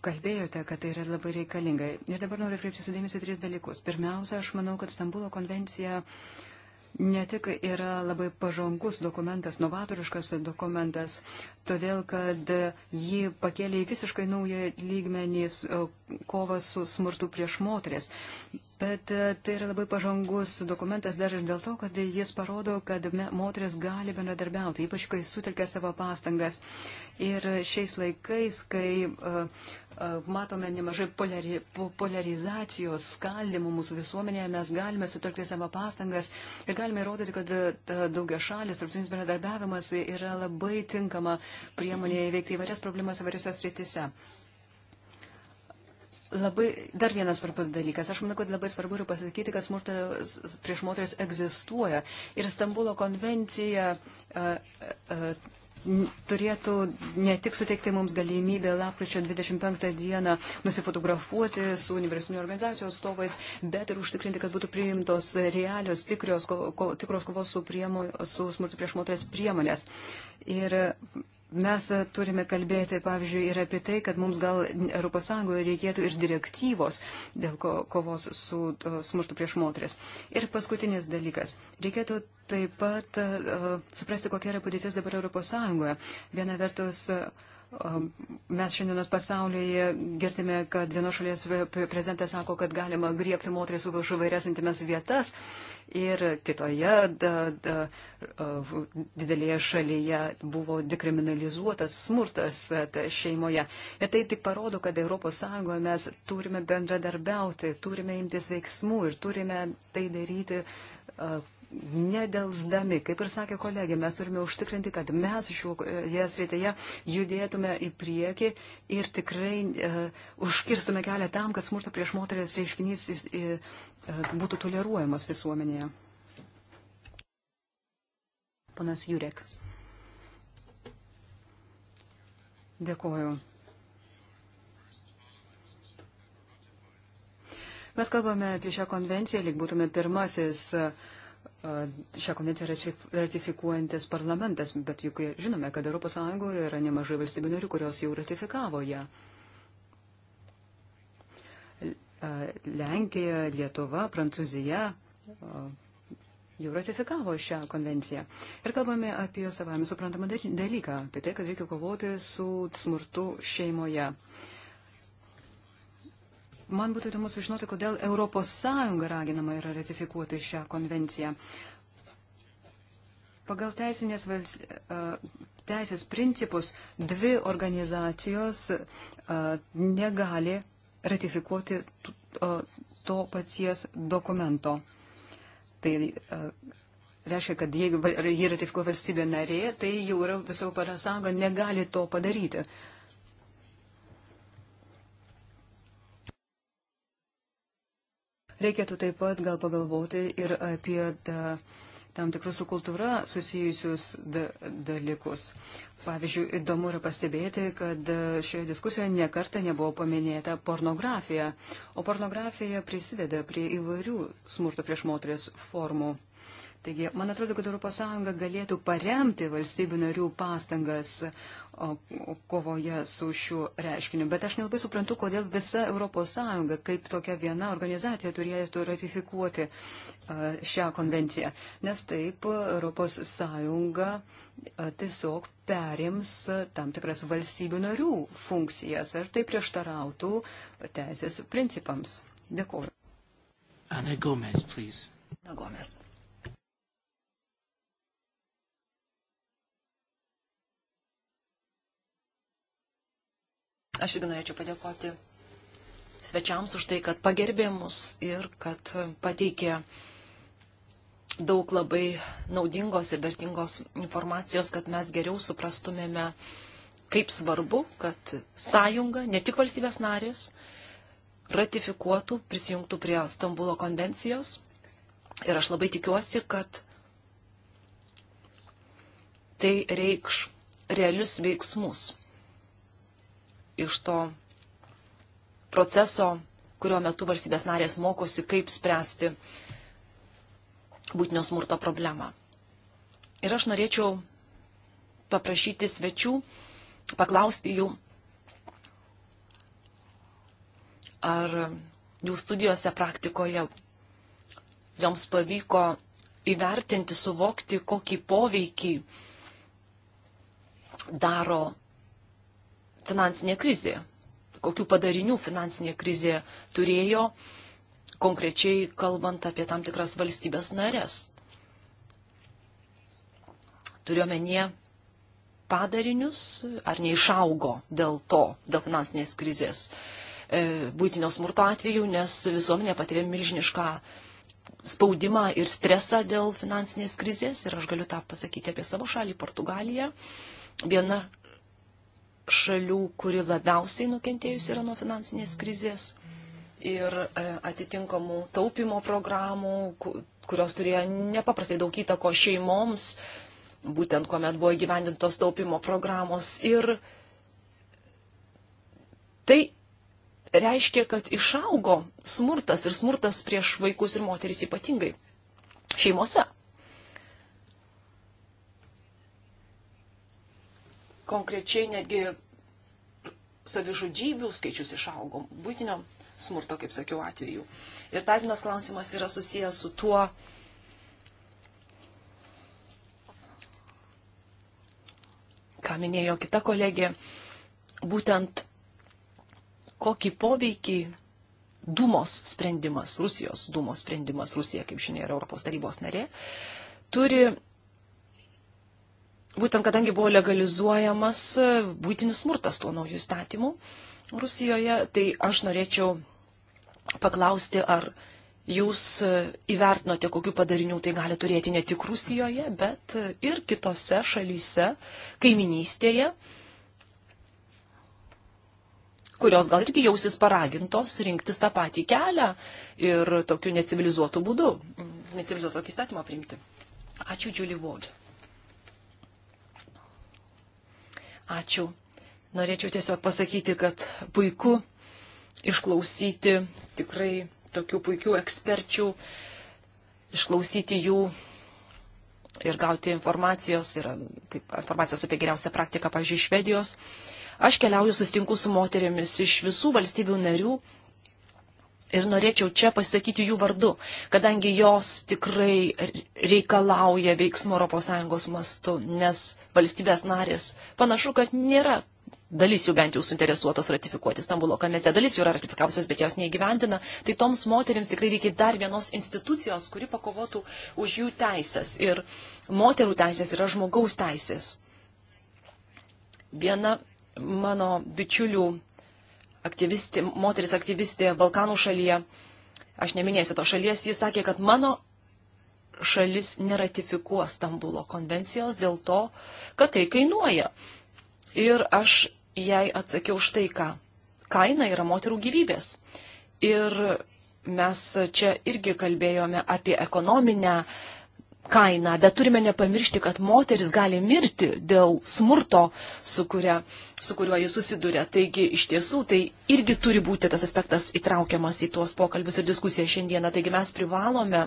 kalbėjote, kad tai yra labai reikalinga. Ir dabar noriu atkreipti sudėmesį tris dalykus. Pirmiausia, aš manau, kad Stambulo konvencija uh, ne tik yra labai pažangus dokumentas, novatoriškas dokumentas, todėl kad jį pakėlė į visiškai naują lygmenį e, kovą su smurtu prieš moteris. Bet e, tai yra labai pažangus dokumentas dar ir dėl to, kad jis parodo, kad moteris gali bendradarbiauti, ypač kai sutelkia savo pastangas. Ir šiais laikais, kai uh, matome nemažai polari, polarizacijos skaldimų mūsų visuomenėje, mes galime sutelkti savo pastangas ir galime įrodyti, kad e, daugia šalis, tarptautinis bendradarbiavimas yra labai tinkama priemonė įveikti įvairias problemas įvairiose sritise. Labai, dar vienas svarbus dalykas. Aš manau, kad labai svarbu yra pasakyti, kad smurtas prieš moteris egzistuoja. Ir Stambulo konvencija uh, uh, turėtų ne tik suteikti mums galimybę lapkričio 25 dieną nusifotografuoti su universitinių organizacijų atstovais, bet ir užtikrinti, kad būtų priimtos realios, tikrios, ko, ko, tikros kovos su, priemo, su smurtu prieš moteris priemonės. Ir Mes e, turime kalbėti, pavyzdžiui, ir apie tai, kad mums gal ES reikėtų ir direktyvos dėl ko, kovos su e, smurtu prieš moteris. Ir paskutinis dalykas. Reikėtų taip pat uh, suprasti, kokia yra padėtis dabar ES. Viena vertus. Uh, Mes šiandienos pasaulyje girdime, kad vienos šalies prezidentas sako, kad galima griebti moteris už įvairias intimes vietas ir kitoje da, da, didelėje šalyje buvo dekriminalizuotas smurtas da, šeimoje. Ir tai tik parodo, kad ES mes turime bendradarbiauti, turime imtis veiksmų ir turime tai daryti nedelsdami, kaip ir sakė kolegė, mes turime užtikrinti, kad mes šioje srityje judėtume į priekį ir tikrai uh, užkirstume kelią tam, kad smurto prieš moteris reiškinys uh, būtų toleruojamas visuomenėje. Panas Jurek. Dėkoju. Mes kalbame apie šią konvenciją, lyg būtume pirmasis uh, šią konvenciją ratifikuojantis parlamentas, bet juk žinome, kad ES yra nemažai valstybių narių, kurios jau ratifikavo ją. Lenkija, Lietuva, Prancūzija jau ratifikavo šią konvenciją. Ir kalbame apie savami suprantamą dalyką, apie tai, kad reikia kovoti su smurtu šeimoje. Uh, Man būtų įdomu sužinoti, kodėl ES raginama yra ratifikuoti šią konvenciją. Pagal teisinės vals... teisės principus dvi organizacijos negali ratifikuoti to paties dokumento. Tai reiškia, kad jeigu jį ratifikuoja valstybė narė, tai jau yra viso parasąjunga negali to padaryti. Uh, Reikėtų taip pat gal pagalvoti ir apie da, tam tikrus su kultūra susijusius da, dalykus. Pavyzdžiui, įdomu yra pastebėti, kad šioje diskusijoje nekarta nebuvo paminėta pornografija, o pornografija prisideda prie įvairių smurto prieš moteris formų. Taigi, man atrodo, kad ES galėtų paremti valstybių narių pastangas kovoje su šiuo reiškiniu. Bet aš nelabai suprantu, kodėl visa ES kaip tokia viena organizacija turėtų ratifikuoti šią konvenciją. Nes taip ES tiesiog perims tam tikras valstybių narių funkcijas ir tai prieštarautų teisės principams. Dėkuoju. Ana Gomez, please. Ana Gomez. Aš irgi norėčiau padėkoti svečiams už tai, kad pagerbė mus ir kad pateikė daug labai naudingos ir vertingos informacijos, kad mes geriau suprastumėme, kaip svarbu, kad sąjunga, ne tik valstybės narės, ratifikuotų, prisijungtų prie Stambulo konvencijos. Ir aš labai tikiuosi, kad tai reikš realius veiksmus iš to proceso, kurio metu valstybės narės mokosi, kaip spręsti būtinio smurto problemą. Ir aš norėčiau paprašyti svečių, paklausti jų, ar jų studijose praktikoje joms pavyko įvertinti, suvokti, kokį poveikį daro finansinė krizė, kokių padarinių finansinė krizė turėjo, konkrečiai kalbant apie tam tikras valstybės narės. Turiuomenė padarinius, ar neišaugo dėl to, dėl finansinės krizės e, būtinio smurto atveju, nes visuomenė patiria milžinišką spaudimą ir stresą dėl finansinės krizės ir aš galiu tą pasakyti apie savo šalį, Portugaliją. Viena šalių, kuri labiausiai nukentėjusi yra nuo finansinės krizės ir e, atitinkamų taupimo programų, kurios turėjo nepaprastai daug įtako šeimoms, būtent kuomet buvo įgyvendintos taupimo programos. Ir tai reiškia, kad išaugo smurtas ir smurtas prieš vaikus ir moteris ypatingai šeimose. konkrečiai netgi savižudybių skaičius išaugo, būtinio smurto, kaip sakiau, atveju. Ir dar vienas klausimas yra susijęs su tuo, ką minėjo kita kolegė, būtent kokį poveikį Dumos sprendimas, Rusijos Dumos sprendimas, Rusija, kaip žinia, yra Europos tarybos narė, turi būtent kadangi buvo legalizuojamas e, būtinis smurtas tuo naujų statymų Rusijoje, tai aš norėčiau paklausti, ar jūs e, įvertinote, kokiu padariniu tai gali turėti ne tik Rusijoje, bet e, ir kitose šalyse, kaiminystėje, kurios gal irgi jausis paragintos rinktis tą patį kelią ir tokiu necivilizuotu būdu, necivilizuotą tokį statymą priimti. Ačiū, Julie Ward. Ačiū. Norėčiau tiesiog pasakyti, kad puiku išklausyti tikrai tokių puikių eksperčių, išklausyti jų ir gauti informacijos, ir kaip, informacijos apie geriausią praktiką, pavyzdžiui, Švedijos. Aš keliauju, sustinku su moterimis iš visų valstybių narių Ir norėčiau čia pasakyti jų vardu, kadangi jos tikrai reikalauja veiksmų ES mastu, nes valstybės narės panašu, kad nėra dalis jų bent jau suinteresuotos ratifikuoti Stambulo konvenciją, dalis jų yra ratifikavusios, bet jos neįgyvendina, tai toms moterims tikrai reikia dar vienos institucijos, kuri pakovotų už jų teisės. Ir moterų teisės yra žmogaus teisės. Viena mano bičiulių aktyvistė, moteris aktyvistė Balkanų šalyje, aš neminėsiu to šalies, jis sakė, kad mano šalis neratifikuos Stambulo konvencijos dėl to, kad tai kainuoja. Ir aš jai atsakiau štai ką. Kaina yra moterų gyvybės. Ir mes čia irgi kalbėjome apie ekonominę kainą, bet turime nepamiršti, kad moteris gali mirti dėl smurto, su, kuria, su kuriuo jis susiduria. Taigi iš tiesų tai irgi turi būti tas aspektas įtraukiamas į tuos pokalbius ir diskusiją šiandieną. Taigi mes privalome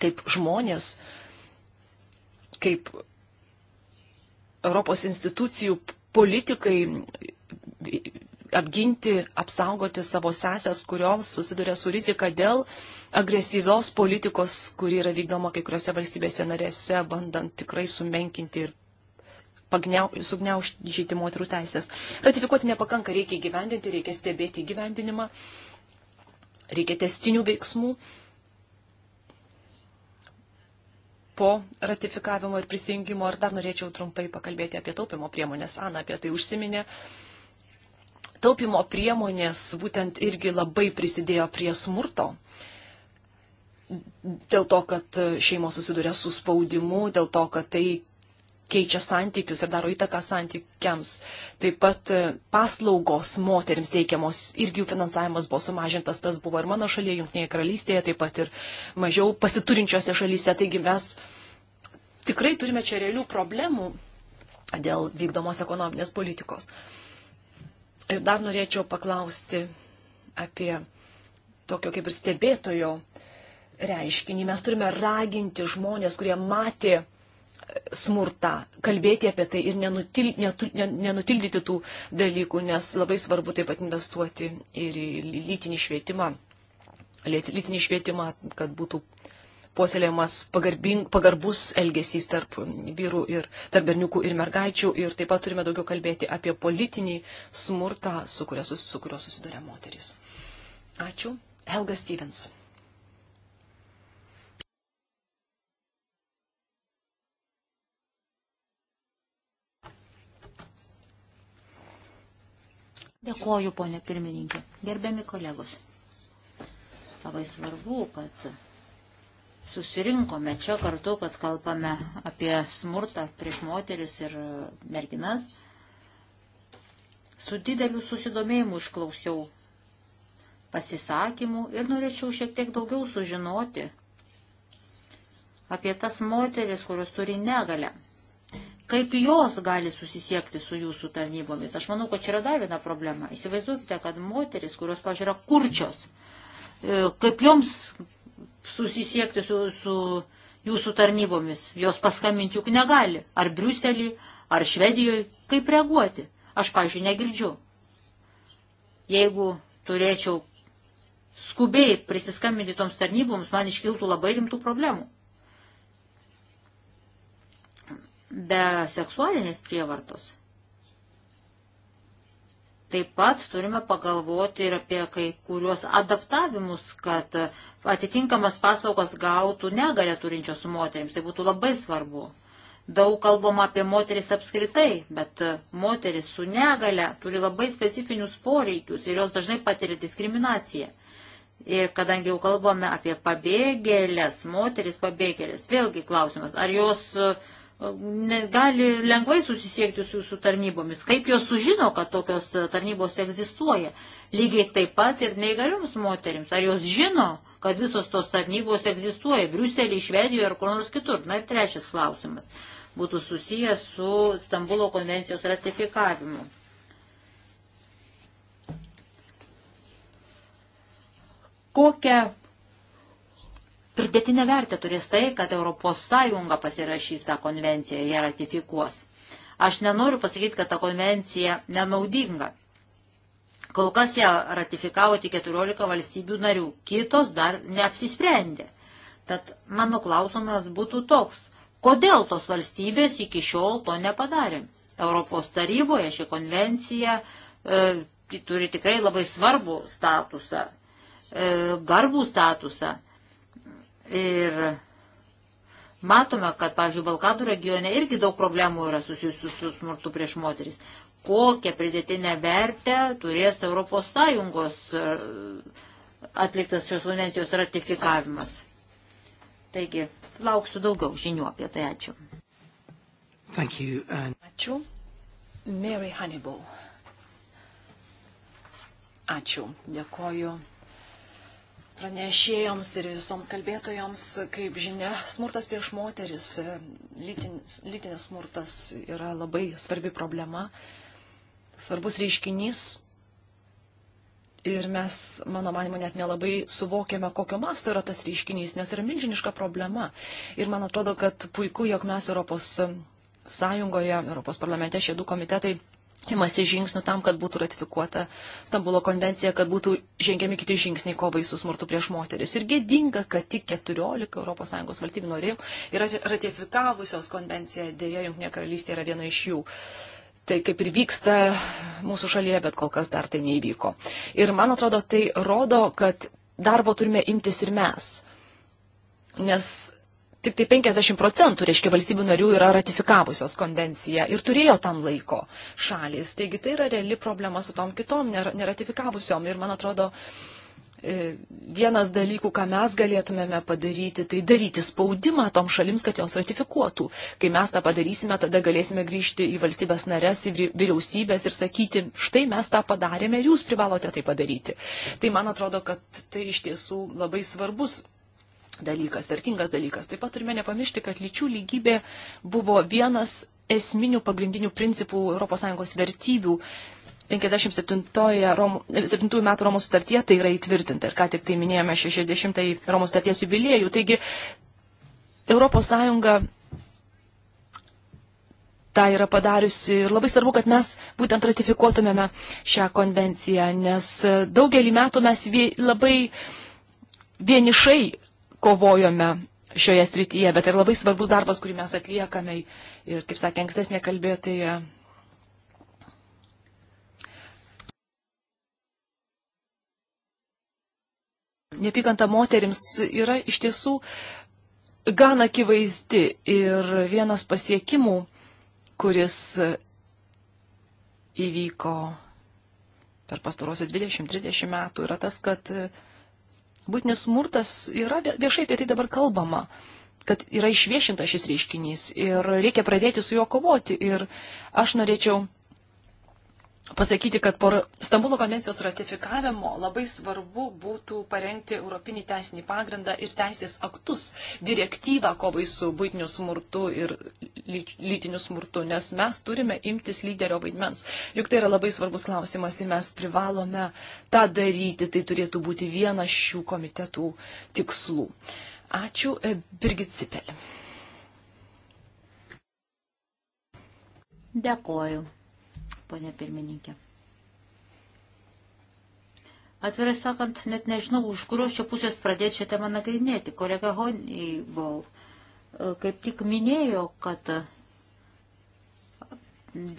kaip žmonės, kaip Europos institucijų politikai apginti, apsaugoti savo sesės, kurioms susiduria su rizika dėl agresyvios politikos, kuri yra vykdoma kai kuriuose valstybėse narėse, bandant tikrai sumenkinti ir pagniau, sugniaužyti moterų teisės. Ratifikuoti nepakanka, reikia gyvendinti, reikia stebėti gyvendinimą, reikia testinių veiksmų po ratifikavimo ir prisijungimo. Ar dar norėčiau trumpai pakalbėti apie taupimo priemonės. Ana apie tai užsiminė. Uh, taupimo priemonės būtent irgi labai prisidėjo prie smurto. Dėl to, kad šeimos susiduria su spaudimu, dėl to, kad tai keičia santykius ir daro įtaką santykiams. Taip pat e, paslaugos moteriams teikiamos irgi jų finansavimas buvo sumažintas, tas buvo ir mano šalyje, Junktinėje karalystėje, taip pat ir mažiau pasiturinčiose šalyse. Taigi mes tikrai turime čia realių problemų dėl vykdomos ekonominės politikos. Uh, Ir dar norėčiau paklausti apie tokio kaip ir stebėtojo reiškinį. Mes turime raginti žmonės, kurie matė smurtą, kalbėti apie tai ir nenutil, netu, nenutildyti tų dalykų, nes labai svarbu taip pat investuoti ir į lytinį švietimą, lytinį švietimą, kad būtų uh, puoselėjamas pagarbus elgesys tarp vyrų ir tarp berniukų ir mergaičių. Ir taip pat turime daugiau kalbėti apie politinį smurtą, su kurio, su kurio susiduria moteris. Ačiū. Helga Stevens. Dėkoju, ponė pirmininkė. Gerbiami kolegos. Labai svarbu, kad susirinkome čia kartu, kad kalbame apie smurtą prieš moteris ir merginas. Su dideliu susidomėjimu išklausiau pasisakymų ir norėčiau šiek tiek daugiau sužinoti apie tas moteris, kurios turi negalę. Kaip jos gali susisiekti su jūsų tarnybomis? Aš manau, kad čia yra dar viena problema. Įsivaizduokite, kad moteris, kurios, pažiūrėjau, kurčios, e, kaip joms susisiekti su, su jūsų tarnybomis. Jos paskambinti juk negali. Ar Briuselį, ar Švedijoje. Kaip reaguoti? Aš, pažiūrėjau, negirdžiu. Jeigu turėčiau skubiai prisiskambinti toms tarnyboms, man iškiltų labai rimtų problemų. Be seksualinės prievartos Taip pat turime pagalvoti ir apie kai kuriuos adaptavimus, kad atitinkamas paslaugas gautų negalę turinčios moteriams. Tai būtų labai svarbu. Daug kalbama apie moteris apskritai, bet moteris su negale turi labai specifinius poreikius ir jos dažnai patiria diskriminaciją. Ir kadangi jau kalbame apie pabėgėlės, moteris pabėgėlės, vėlgi klausimas, ar jos uh, gali lengvai susisiekti su jūsų tarnybomis. Kaip jos sužino, kad tokios e, tarnybos egzistuoja? Lygiai taip pat ir neįgalioms moterims. Ar jos žino, kad visos tos tarnybos egzistuoja Briuselį, Švedijoje ar kur nors kitur? Na ir trečias klausimas būtų susijęs su Stambulo konvencijos ratifikavimu. Kokią pridėtinę vertę turės tai, kad ES pasirašys tą konvenciją, ją ratifikuos. Aš nenoriu pasakyti, kad ta konvencija nenaudinga. Kol kas ją ratifikavo tik 14 valstybių narių, kitos dar neapsisprendė. Tad mano klausimas būtų toks, kodėl tos valstybės iki šiol to nepadarė? Europos taryboje ši konvencija e, turi tikrai labai svarbų statusą, e, garbų statusą. Ir matome, kad, pavyzdžiui, Balkanų regione irgi daug problemų yra susijusių su smurtu prieš moteris. Kokią pridėtinę vertę turės ES e, atliktas šios konvencijos ratifikavimas. Taigi, lauksiu daugiau žinių apie tai. Ačiū. Thank you, and... Ačiū. Mary Hannibal. Ačiū. Dėkoju pranešėjoms ir visoms kalbėtojoms, kaip žinia, smurtas prieš moteris, e, lytinis, lytinis smurtas yra labai svarbi problema, svarbus reiškinys. Ir mes, mano manimo, net nelabai suvokiame, kokio masto yra tas reiškinys, nes yra milžiniška problema. Ir man atrodo, kad puiku, jog mes Europos Sąjungoje, Europos parlamente šie du komitetai imasi žingsnių tam, kad būtų ratifikuota Stambulo konvencija, kad būtų žengiami kiti žingsniai kovai su smurtu prieš moteris. Ir gėdinga, kad tik 14 ES valstybių norėjų yra ratifikavusios konvenciją, dėja Junktinė karalystė yra viena iš jų. Tai kaip ir vyksta mūsų šalyje, bet kol kas dar tai neįvyko. Ir man atrodo, tai rodo, kad darbo turime imtis ir mes. Nes tik tai 50 procentų, reiškia, valstybių narių yra ratifikavusios konvenciją ir turėjo tam laiko šalis. Taigi tai yra reali problema su tom kitom neratifikavusiom. Ir man atrodo, e, vienas dalykų, ką mes galėtumėme padaryti, tai daryti spaudimą tom šalims, kad jos ratifikuotų. Kai mes tą padarysime, tada galėsime grįžti į valstybės narės, į vyriausybės ir sakyti, štai mes tą padarėme ir jūs privalote tai padaryti. Tai man atrodo, kad tai iš tiesų labai svarbus dalykas, vertingas dalykas. Taip pat turime nepamiršti, kad lyčių lygybė buvo vienas esminių pagrindinių principų ES vertybių 57 Rom, metų Romos sutartie tai yra įtvirtinta ir ką tik tai minėjome 60-ąjį Romos sutarties jubiliejų. Taigi ES tą yra padariusi ir labai svarbu, kad mes būtent ratifikuotumėme šią konvenciją, nes daugelį metų mes vė, labai vienišai kovojome šioje srityje, bet ir tai labai svarbus darbas, kurį mes atliekame. Ir, kaip sakė ankstesnė kalbėtoja, neapykanta moterims yra iš tiesų gan akivaizdi ir vienas pasiekimų, kuris įvyko per pastarosius 20-30 metų, yra tas, kad būtinis smurtas yra viešai apie tai dabar kalbama kad yra išviešintas šis reiškinys ir reikia pradėti su juo kovoti. Ir aš norėčiau pasakyti, kad po Stambulo konvencijos ratifikavimo labai svarbu būtų parengti europinį teisinį pagrindą ir teisės aktus, direktyvą kovai su būtiniu smurtu ir lytiniu smurtu, nes mes turime imtis lyderio vaidmens. Juk tai yra labai svarbus klausimas ir mes privalome tą daryti, tai turėtų būti vienas šių komitetų tikslų. Ačiū, e, Birgit Cipelė. Dėkoju ponė pirmininkė. Atvirai sakant, net nežinau, už kurios čia pusės pradėti šią temą nagrinėti. Kolega Honeybol e, kaip tik minėjo, kad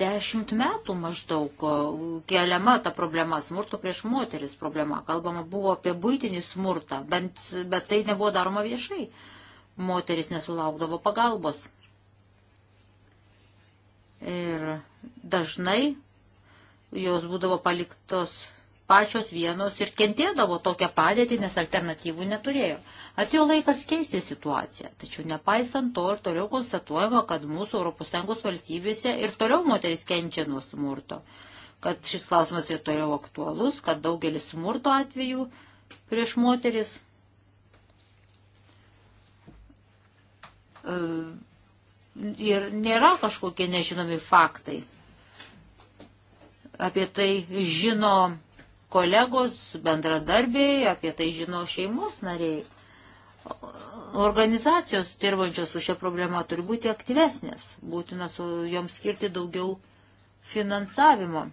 dešimt metų maždaug e, keliama ta problema, smurto prieš moteris problema. Kalbama buvo apie būtinį smurtą, bent, bet tai nebuvo daroma viešai. Moteris nesulaukdavo pagalbos. Ir dažnai jos būdavo paliktos pačios vienos ir kentėdavo tokią padėtį, nes alternatyvų neturėjo. Atėjo laikas keisti situaciją, tačiau nepaisant to ir toliau konstatuojama, kad mūsų ES valstybėse ir toliau moteris kenčia nuo smurto, kad šis klausimas ir toliau aktualus, kad daugelis smurto atvejų prieš moteris. E, ir nėra kažkokie nežinomi faktai. Apie tai žino kolegos, bendradarbiai, apie tai žino šeimos nariai. Organizacijos dirbančios su šia problema turi būti aktyvesnės, būtina su joms skirti daugiau finansavimo.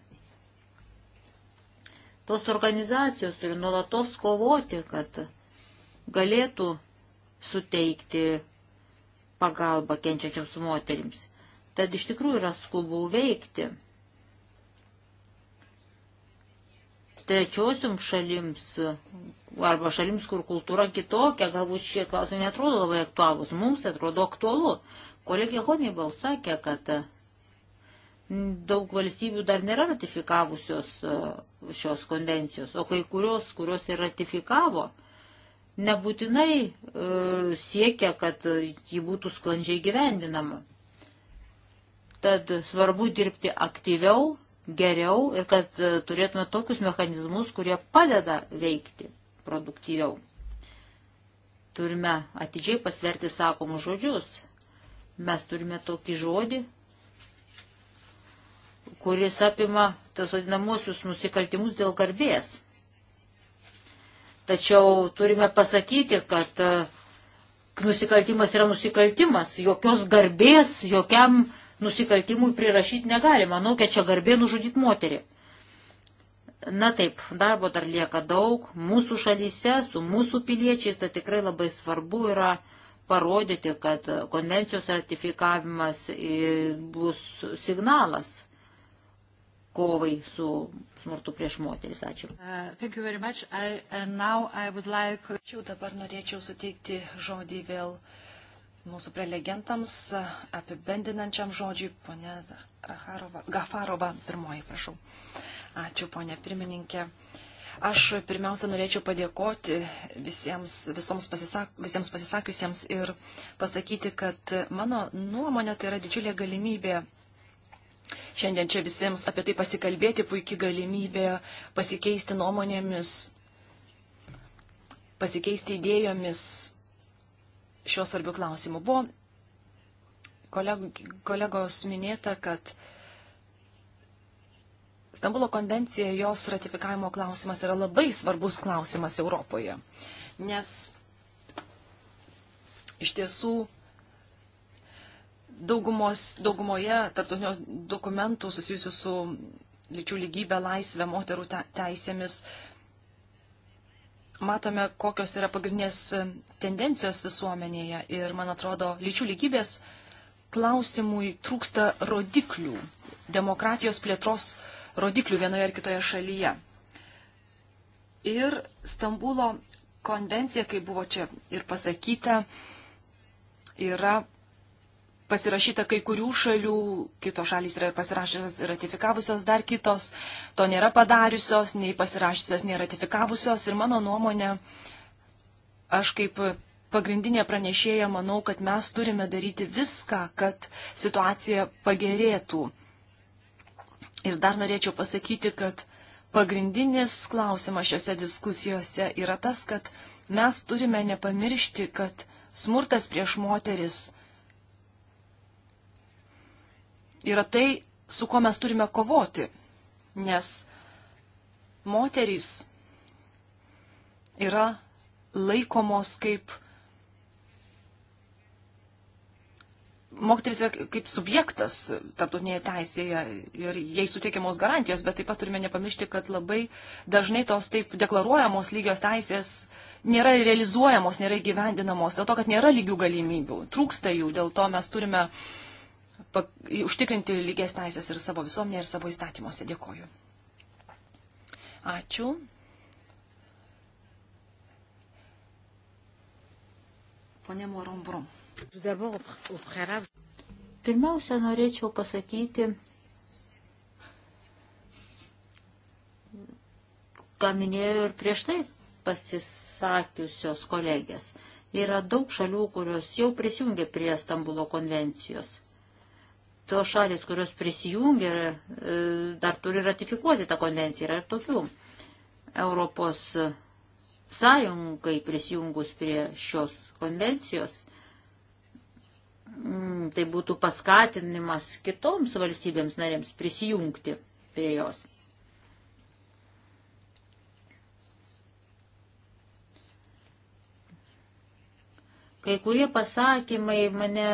Tos organizacijos turi nuolatos kovoti, kad galėtų suteikti pagalbą kenčiančiams moterims. Tad iš tikrųjų yra skubų veikti. Trečiosium šalims arba šalims, kur kultūra kitokia, galbūt šie klausimai netrodo labai aktualūs, mums atrodo aktualu. Kolegė Honibal sakė, kad daug valstybių dar nėra ratifikavusios e, šios konvencijos, o kai kurios, kurios ir ratifikavo, nebūtinai e, siekia, kad ji būtų sklandžiai gyvendinama. Tad svarbu dirbti aktyviau, geriau ir kad e, turėtume tokius mechanizmus, kurie padeda veikti produktyviau. Turime atidžiai pasverti sakomus žodžius. Mes turime tokį žodį, kuris apima tos vadinamosius nusikaltimus dėl garbės. Tačiau turime pasakyti, kad e, nusikaltimas yra nusikaltimas. Jokios garbės jokiam nusikaltimui prirašyti negalima. Manau, kad čia garbė nužudyti moterį. Na taip, darbo dar lieka daug. Mūsų šalyse, su mūsų piliečiais, tai tikrai labai svarbu yra parodyti, kad konvencijos ratifikavimas bus signalas kovai su smurtu prieš moteris. Ačiū. Uh, like... Ačiū. Dabar norėčiau suteikti žodį vėl mūsų prelegentams apibendinančiam žodžiui, ponė Raharova, Gafarova, pirmoji, prašau. Ačiū, ponė pirmininkė. Aš pirmiausia norėčiau padėkoti visiems, visoms pasisak, visiems pasisakiusiems ir pasakyti, kad mano nuomonė tai yra didžiulė galimybė Šiandien čia visiems apie tai pasikalbėti puikiai galimybė pasikeisti nuomonėmis, pasikeisti idėjomis šiuo svarbiu klausimu. Buvo kolegos minėta, kad Stambulo konvencija, jos ratifikavimo klausimas yra labai svarbus klausimas Europoje, nes iš tiesų daugumos, daugumoje tarptautinių dokumentų susijusių su lyčių lygybė, laisvė, moterų teisėmis. Matome, kokios yra pagrindinės tendencijos visuomenėje ir, man atrodo, lyčių lygybės klausimui trūksta rodiklių, demokratijos plėtros rodiklių vienoje ar kitoje šalyje. Ir Stambulo konvencija, kaip buvo čia ir pasakyta, yra pasirašyta kai kurių šalių, kitos šalys yra pasirašytos ir ratifikavusios, dar kitos to nėra padariusios, nei pasirašysios, nei ratifikavusios. Ir mano nuomonė, aš kaip pagrindinė pranešėja manau, kad mes turime daryti viską, kad situacija pagerėtų. Ir dar norėčiau pasakyti, kad pagrindinis klausimas šiuose diskusijose yra tas, kad mes turime nepamiršti, kad smurtas prieš moteris yra tai, su kuo mes turime kovoti, nes moterys yra laikomos kaip moteris yra kaip subjektas tarptautinėje teisėje ir jai suteikiamos garantijos, bet taip pat turime nepamiršti, kad labai dažnai tos taip deklaruojamos lygios teisės nėra realizuojamos, nėra gyvendinamos, dėl to, kad nėra lygių galimybių, trūksta jų, dėl to mes turime uh, užtikrinti lygės teisės ir savo visuomenėje, ir savo įstatymuose. Dėkoju. Ačiū. Pone Morombrum. Pirmiausia, norėčiau pasakyti, ką minėjo ir prieš tai pasisakiusios kolegės. Yra daug šalių, kurios jau prisijungė prie Stambulo konvencijos tos šalis, kurios prisijungia, e, dar turi ratifikuoti tą konvenciją. Yra ir tokių. Europos sąjungai prisijungus prie šios konvencijos, mm, tai būtų paskatinimas kitoms valstybėms narėms prisijungti prie jos. Kai kurie pasakymai mane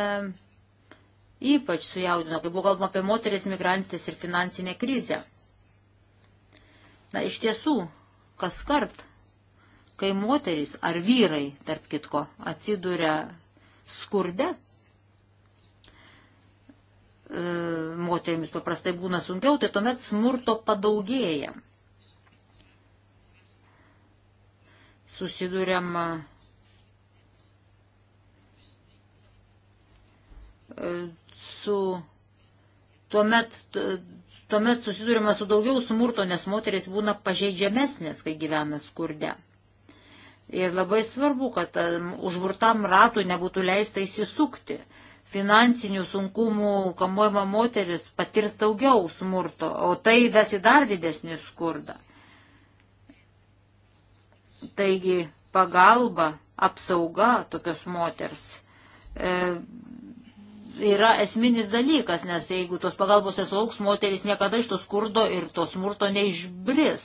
ypač sujaudino, kai buvo kalbama apie moteris migrantės ir finansinę krizę. Na, iš tiesų, kas kart, kai moteris ar vyrai, tarp kitko, atsiduria skurde, e, moterimis paprastai būna sunkiau, tai tuomet smurto padaugėja. Susiduriam e, su tuomet, tuomet susidurima su daugiau smurto, nes moteris būna pažeidžiamesnės, kai gyvena skurde. Ir labai svarbu, kad um, užburtam ratui nebūtų leista įsisukti. Finansinių sunkumų kamuojama moteris patirs daugiau smurto, o tai ves į dar didesnį skurdą. Taigi pagalba, apsauga tokios moters e, yra esminis dalykas, nes jeigu tos pagalbos nesulauks, moteris niekada iš to skurdo ir to smurto neišbris.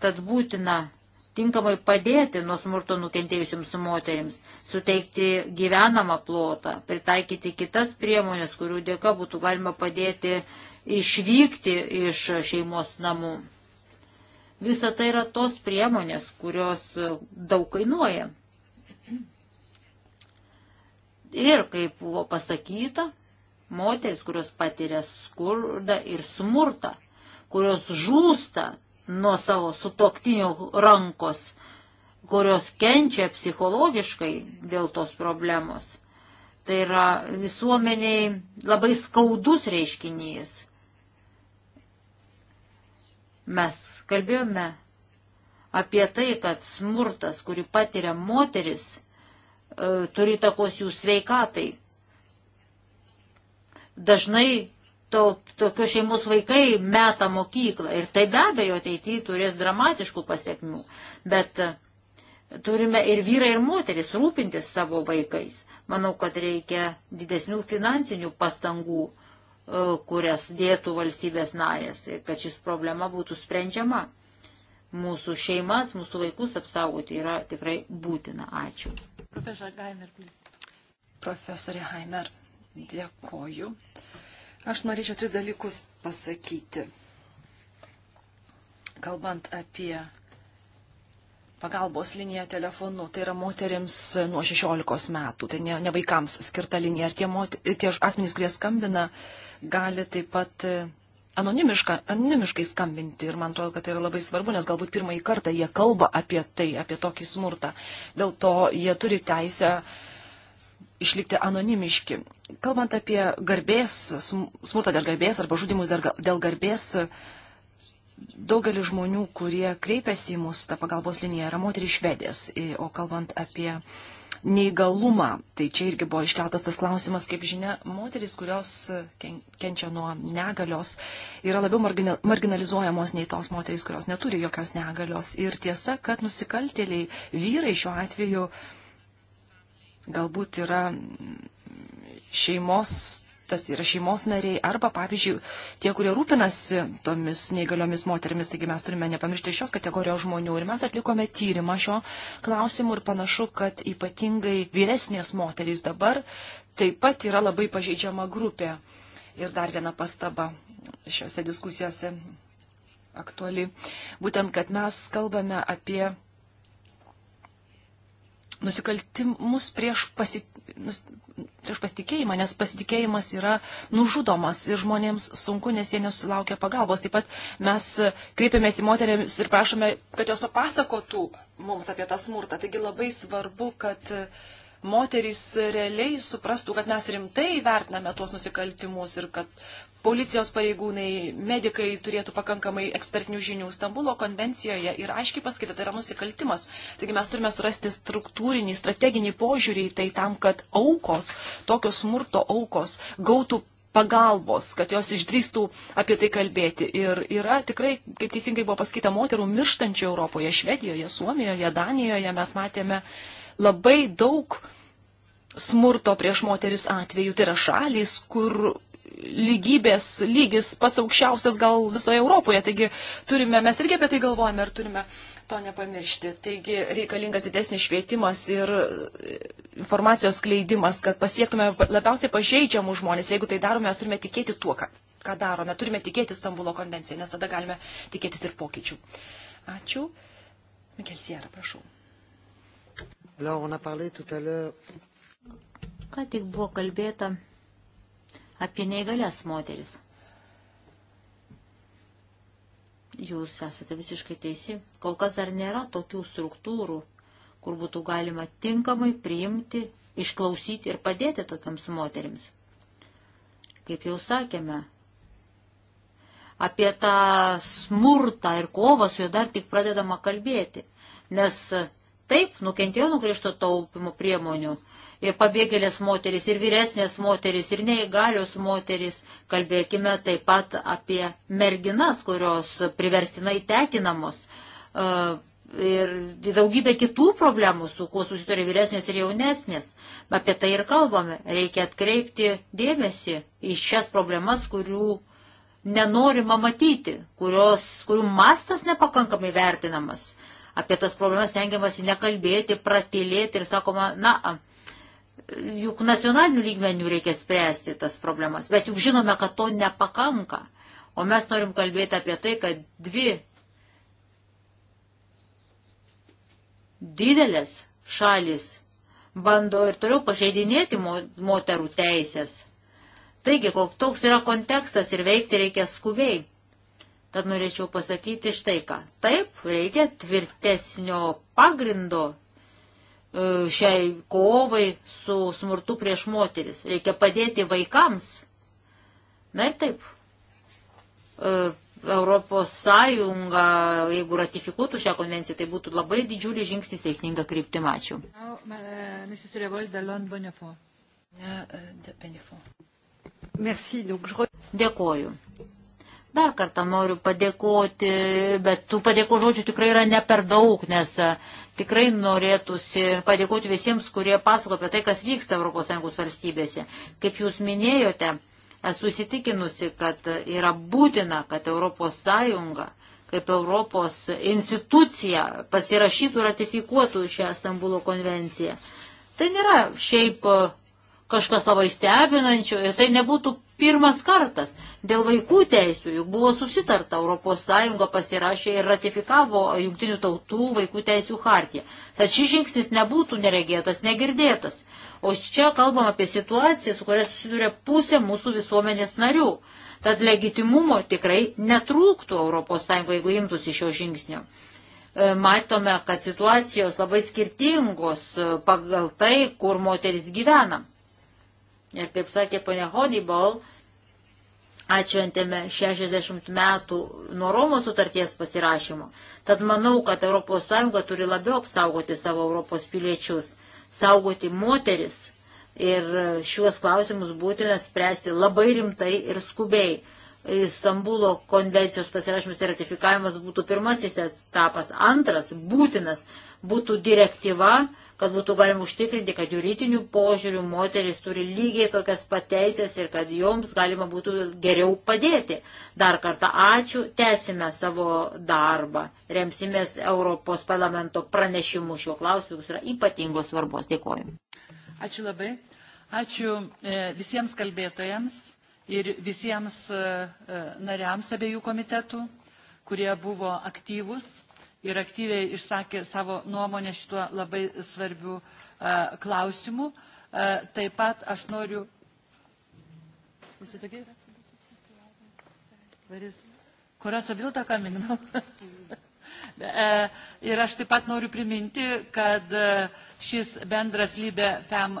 Tad būtina tinkamai padėti nuo smurto nukentėjusiams moteriams, suteikti gyvenamą plotą, pritaikyti kitas priemonės, kurių dėka būtų galima padėti išvykti iš šeimos namų. Visa tai yra tos priemonės, kurios daug kainuoja. Ir kaip buvo pasakyta, moteris, kurios patiria skurdą ir smurtą, kurios žūsta nuo savo sutoktinio rankos, kurios kenčia psichologiškai dėl tos problemos. Tai yra visuomeniai labai skaudus reiškinys. Mes kalbėjome apie tai, kad smurtas, kurį patiria moteris, E, turi takos jų sveikatai. Dažnai to, tokios šeimos vaikai meta mokyklą ir tai be abejo ateityje turės dramatiškų pasiekmių, bet e, turime ir vyrai, ir moteris rūpintis savo vaikais. Manau, kad reikia didesnių finansinių pastangų, e, kurias dėtų valstybės narės ir kad šis problema būtų sprendžiama. Mūsų šeimas, mūsų vaikus apsaugoti yra tikrai būtina. Ačiū. Profesor Gaimer, please. Profesorė Haimer, dėkoju. Aš norėčiau tris dalykus pasakyti. Kalbant apie pagalbos linija telefonu, tai yra moteriams nuo 16 metų, tai ne, ne vaikams skirta linija. Ir tie, mot, tie asmenys, kurie skambina, gali taip pat anonimiškai skambinti ir man atrodo, kad tai yra labai svarbu, nes galbūt pirmąjį kartą jie kalba apie tai, apie tokį smurtą. Dėl to jie turi teisę išlikti anonimiški. Kalbant apie garbės, smurtą dėl garbės arba žudimus dėl garbės, daugelis žmonių, kurie kreipiasi į mus, ta pagalbos linija yra moterys švedės. O kalbant apie neįgalumą. Tai čia irgi buvo iškeltas tas klausimas, kaip žinia, moteris, kurios kenčia nuo negalios, yra labiau marginalizuojamos nei tos moteris, kurios neturi jokios negalios. Ir tiesa, kad nusikaltėliai vyrai šiuo atveju galbūt yra šeimos tas yra šeimos nariai arba, pavyzdžiui, tie, kurie rūpinasi tomis neįgaliomis moterimis, taigi mes turime nepamiršti šios kategorijos žmonių. Ir mes atlikome tyrimą šio klausimu ir panašu, kad ypatingai vyresnės moterys dabar taip pat yra labai pažeidžiama grupė. Ir dar viena pastaba šiuose diskusijose aktuali. Būtent, kad mes kalbame apie nusikaltimus prieš pasi, nus, prieš pasitikėjimą, nes pasitikėjimas yra nužudomas ir žmonėms sunku, nes jie nesulaukia pagalbos. Taip pat mes kreipiamės į moteriams ir prašome, kad jos papasakotų mums apie tą smurtą. Taigi labai svarbu, kad moterys realiai suprastų, kad mes rimtai vertiname tuos nusikaltimus ir kad policijos pareigūnai, medikai turėtų pakankamai ekspertinių žinių. Stambulo konvencijoje ir aiškiai paskaita, tai yra nusikaltimas. Taigi mes turime surasti struktūrinį, strateginį požiūrį į tai tam, kad aukos, tokios smurto aukos, gautų pagalbos, kad jos išdrįstų apie tai kalbėti. Ir yra tikrai, kaip teisingai buvo pasakyta, moterų mirštančių Europoje, Švedijoje, Suomijoje, Danijoje mes matėme labai daug smurto prieš moteris atvejų. Tai yra šalis, kur lygybės lygis pats aukščiausias gal visoje Europoje. Taigi turime, mes irgi apie tai galvojame ir turime to nepamiršti. Taigi reikalingas didesnis švietimas ir informacijos skleidimas, kad pasiektume labiausiai pažeidžiamų žmonės. Jeigu tai darome, mes turime tikėti tuo, ką, ką darome. Turime tikėti Stambulo konvenciją, nes tada galime tikėtis ir pokyčių. Ačiū. Mikel Sierra, prašau. Alors, on a parlé tout à l'heure. Ką tik buvo kalbėta apie neįgalias moteris. Jūs esate visiškai teisi. Kol kas dar nėra tokių struktūrų, kur būtų galima tinkamai priimti, išklausyti ir padėti tokiams moterims. Kaip jau sakėme, apie tą smurtą ir kovą su juo dar tik pradedama kalbėti, nes taip nukentėjo nuo griežto taupimo priemonių ir pabėgėlės moteris, ir vyresnės moteris, ir neįgalios moteris. Kalbėkime taip pat apie merginas, kurios priverstinai tekinamos. E, ir daugybė kitų problemų, su kuo susituria vyresnės ir jaunesnės. Apie tai ir kalbame. Reikia atkreipti dėmesį į šias problemas, kurių nenorima matyti, kurios, kurių mastas nepakankamai vertinamas. Apie tas problemas tengiamasi nekalbėti, pratilėti ir sakoma, na, juk nacionalinių lygmenių reikia spręsti tas problemas, bet juk žinome, kad to nepakanka. O mes norim kalbėti apie tai, kad dvi didelės šalis bando ir toliau pažeidinėti moterų teisės. Taigi, toks yra kontekstas ir veikti reikia skubiai. Tad norėčiau pasakyti štai ką. Taip, reikia tvirtesnio pagrindo E, šiai kovai su smurtu prieš moteris. Reikia padėti vaikams. Na ir taip. E, Europos Sąjunga, jeigu ratifikuotų šią konvenciją, tai būtų labai didžiulis žingsnis teisinga kryptim. Ačiū. Uh, uh, Dėkoju. Dar kartą noriu padėkoti, bet tų padėko žodžių tikrai yra ne per daug, nes uh, Tikrai norėtųsi padėkoti visiems, kurie pasako apie tai, kas vyksta ES valstybėse. Kaip jūs minėjote, esu įsitikinusi, kad yra būtina, kad ES kaip Europos institucija pasirašytų, ratifikuotų šią Stambulo konvenciją. Tai nėra šiaip kažkas labai stebinančio ir tai nebūtų pirmas kartas. Dėl vaikų teisų juk buvo susitarta, ES pasirašė ir ratifikavo Junktinių tautų vaikų teisų hartiją. Tad šis žingsnis nebūtų neregėtas, negirdėtas. O čia kalbam apie situaciją, su kuria susiduria pusė mūsų visuomenės narių. Tad legitimumo tikrai netrūktų ES, jeigu imtųsi šio žingsnio. E, matome, kad situacijos labai skirtingos e, pagal tai, kur moteris gyvena. Ir kaip sakė ponia Hodibol, atšventėme 60 metų nuo Romos sutarties pasirašymo. Tad manau, kad ES turi labiau apsaugoti savo Europos piliečius, saugoti moteris ir šiuos klausimus būtina spręsti labai rimtai ir skubiai. Istanbulo konvencijos pasirašymas ir ratifikavimas būtų pirmasis etapas, antras būtinas būtų direktyva kad būtų galima užtikrinti, kad juridinių požiūrių moteris turi lygiai tokias pateisės ir kad joms galima būtų geriau padėti. Dar kartą ačiū, tęsime savo darbą, remsimės Europos parlamento pranešimu šiuo klausimu, jis yra ypatingos svarbos. Dėkoju. Ačiū labai. Ačiū e, visiems kalbėtojams ir visiems e, e, nariams abiejų komitetų, kurie buvo aktyvus ir aktyviai išsakė savo nuomonę šituo labai svarbiu e, klausimu. E, taip pat aš noriu. Kurasa Vilta kaminau. Ir aš taip pat noriu priminti, kad e, šis bendras Libė FEM,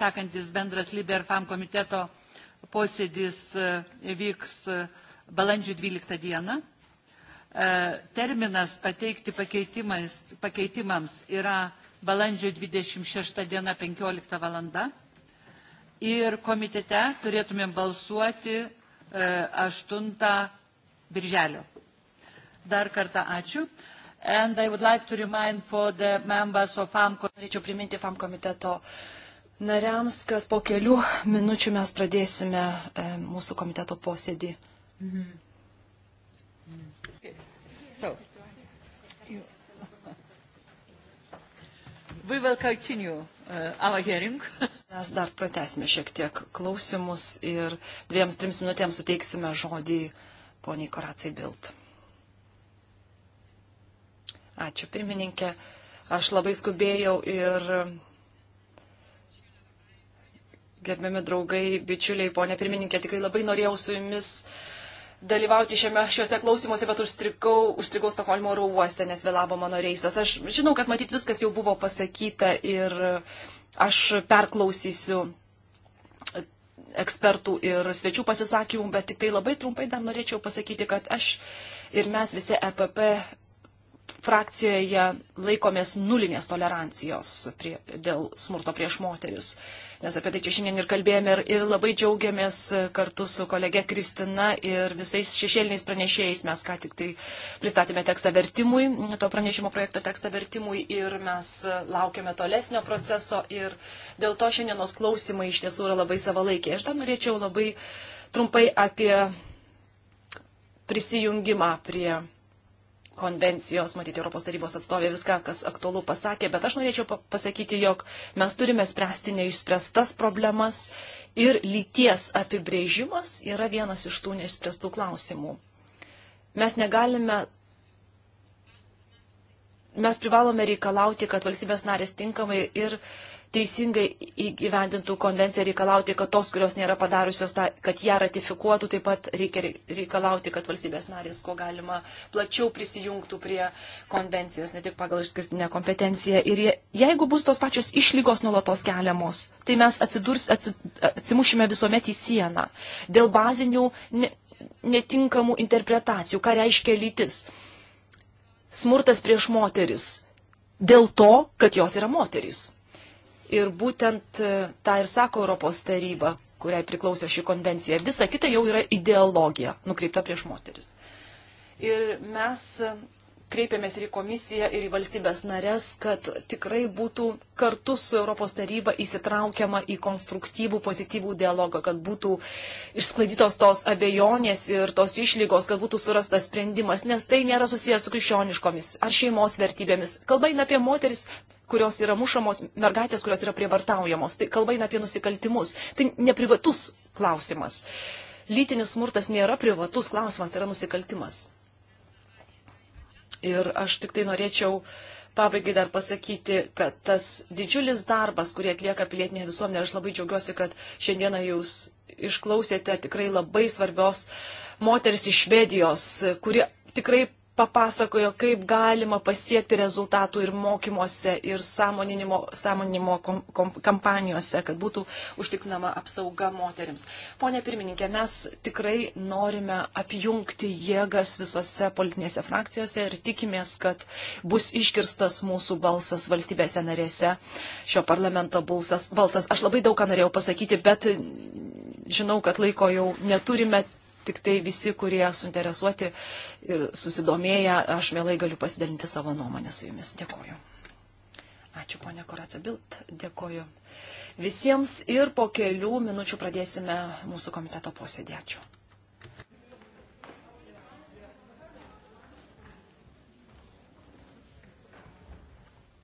sekantis bendras Libė ir FEM komiteto posėdis vyks balandžio 12 dieną. E, terminas pateikti pakeitimams yra balandžio 26 diena 15 valanda. Ir komitete turėtumėm balsuoti 8 e, birželio. Dar kartą ačiū. And I would like to remind for the members of FAM. Norėčiau priminti FAM komiteto nariams, kad po kelių minučių mes pradėsime e, mūsų komiteto posėdį. Mhm. We will continue uh, our hearing. Mes dar pratesime šiek tiek klausimus ir dviems, trims minutėms suteiksime žodį poniai Koracai Bilt. Ačiū, pirmininkė. Aš labai skubėjau ir gerbiami draugai, bičiuliai, ponė pirmininkė, tikrai labai norėjau su jumis uh, dalyvauti šiame, šiuose klausimuose, bet užstrigau, užstrigau Stokholmo oro uoste, nes vėlavo mano reisas. Aš žinau, kad matyt viskas jau buvo pasakyta ir aš perklausysiu ekspertų ir svečių pasisakymų, bet tik tai labai trumpai dar norėčiau pasakyti, kad aš ir mes visi EPP frakcijoje laikomės nulinės tolerancijos prie, dėl smurto prieš moteris. Uh, nes apie tai čia šiandien ir kalbėjome ir, ir labai džiaugiamės e, kartu su kolege Kristina ir visais šešėliniais pranešėjais. Mes ką tik tai pristatėme tekstą vertimui, to pranešimo projekto tekstą vertimui ir mes e, laukiame tolesnio proceso ir dėl to šiandienos klausimai iš tiesų yra labai savalaikiai. Aš dar norėčiau labai trumpai apie prisijungimą prie konvencijos, matyti Europos tarybos atstovė viską, kas aktualu pasakė, bet aš norėčiau pasakyti, jog mes turime spręsti neišspręstas problemas ir lyties apibrėžimas yra vienas iš tų neišspręstų klausimų. Mes negalime, mes privalome reikalauti, kad valstybės narės tinkamai ir teisingai įgyvendintų konvenciją reikalauti, kad tos, kurios nėra padariusios, ta, kad ją ratifikuotų, taip pat reikia reikalauti, kad valstybės narės, kuo galima plačiau prisijungtų prie konvencijos, ne tik pagal išskirtinę kompetenciją. Ir je, jeigu bus tos pačios išlygos nuolatos keliamos, tai mes atsidurs, atsid, atsimušime visuomet į sieną dėl bazinių ne, netinkamų interpretacijų, ką reiškia lytis. Smurtas prieš moteris. Dėl to, kad jos yra moteris Ir būtent e, tą ir sako Europos taryba, kuriai priklauso ši konvencija. Visa kita jau yra ideologija nukreipta prieš moteris. Ir mes e, kreipėmės ir į komisiją, ir į valstybės narės, kad tikrai būtų kartu su Europos taryba įsitraukiama į konstruktyvų, pozityvų dialogą, kad būtų išsklaidytos tos abejonės ir tos išlygos, kad būtų surastas sprendimas, nes tai nėra susijęs su krikščioniškomis ar šeimos vertybėmis. Kalba eina apie moteris kurios yra mušamos, mergaitės, kurios yra prievartaujamos. Tai kalba eina apie nusikaltimus. Tai neprivatus klausimas. Lytinis smurtas nėra privatus klausimas, tai yra nusikaltimas. Ir aš tik tai norėčiau pabaigai dar pasakyti, kad tas didžiulis darbas, kurį atlieka pilietinė visuomenė, aš labai džiaugiuosi, kad šiandieną jūs išklausėte tikrai labai svarbios moteris iš Švedijos, kuri tikrai papasakojo, kaip galima pasiekti rezultatų ir mokymuose, ir sąmoninimo, sąmoninimo kom, kom, kampanijose, kad būtų užtikrinama apsauga moteriams. Pone pirmininkė, mes tikrai norime apjungti jėgas visose politinėse frakcijose ir tikimės, kad bus iškirstas mūsų balsas valstybėse narėse, šio parlamento balsas. balsas. Aš labai daug ką norėjau pasakyti, bet žinau, kad laiko jau neturime, tik tai visi, kurie suinteresuoti ir susidomėję, aš vėlai galiu pasidalinti savo nuomonę su jumis. Dėkoju. Ačiū, ponia Koraca Bilt. Dėkoju visiems ir po kelių minučių pradėsime mūsų komiteto posėdį. Ačiū.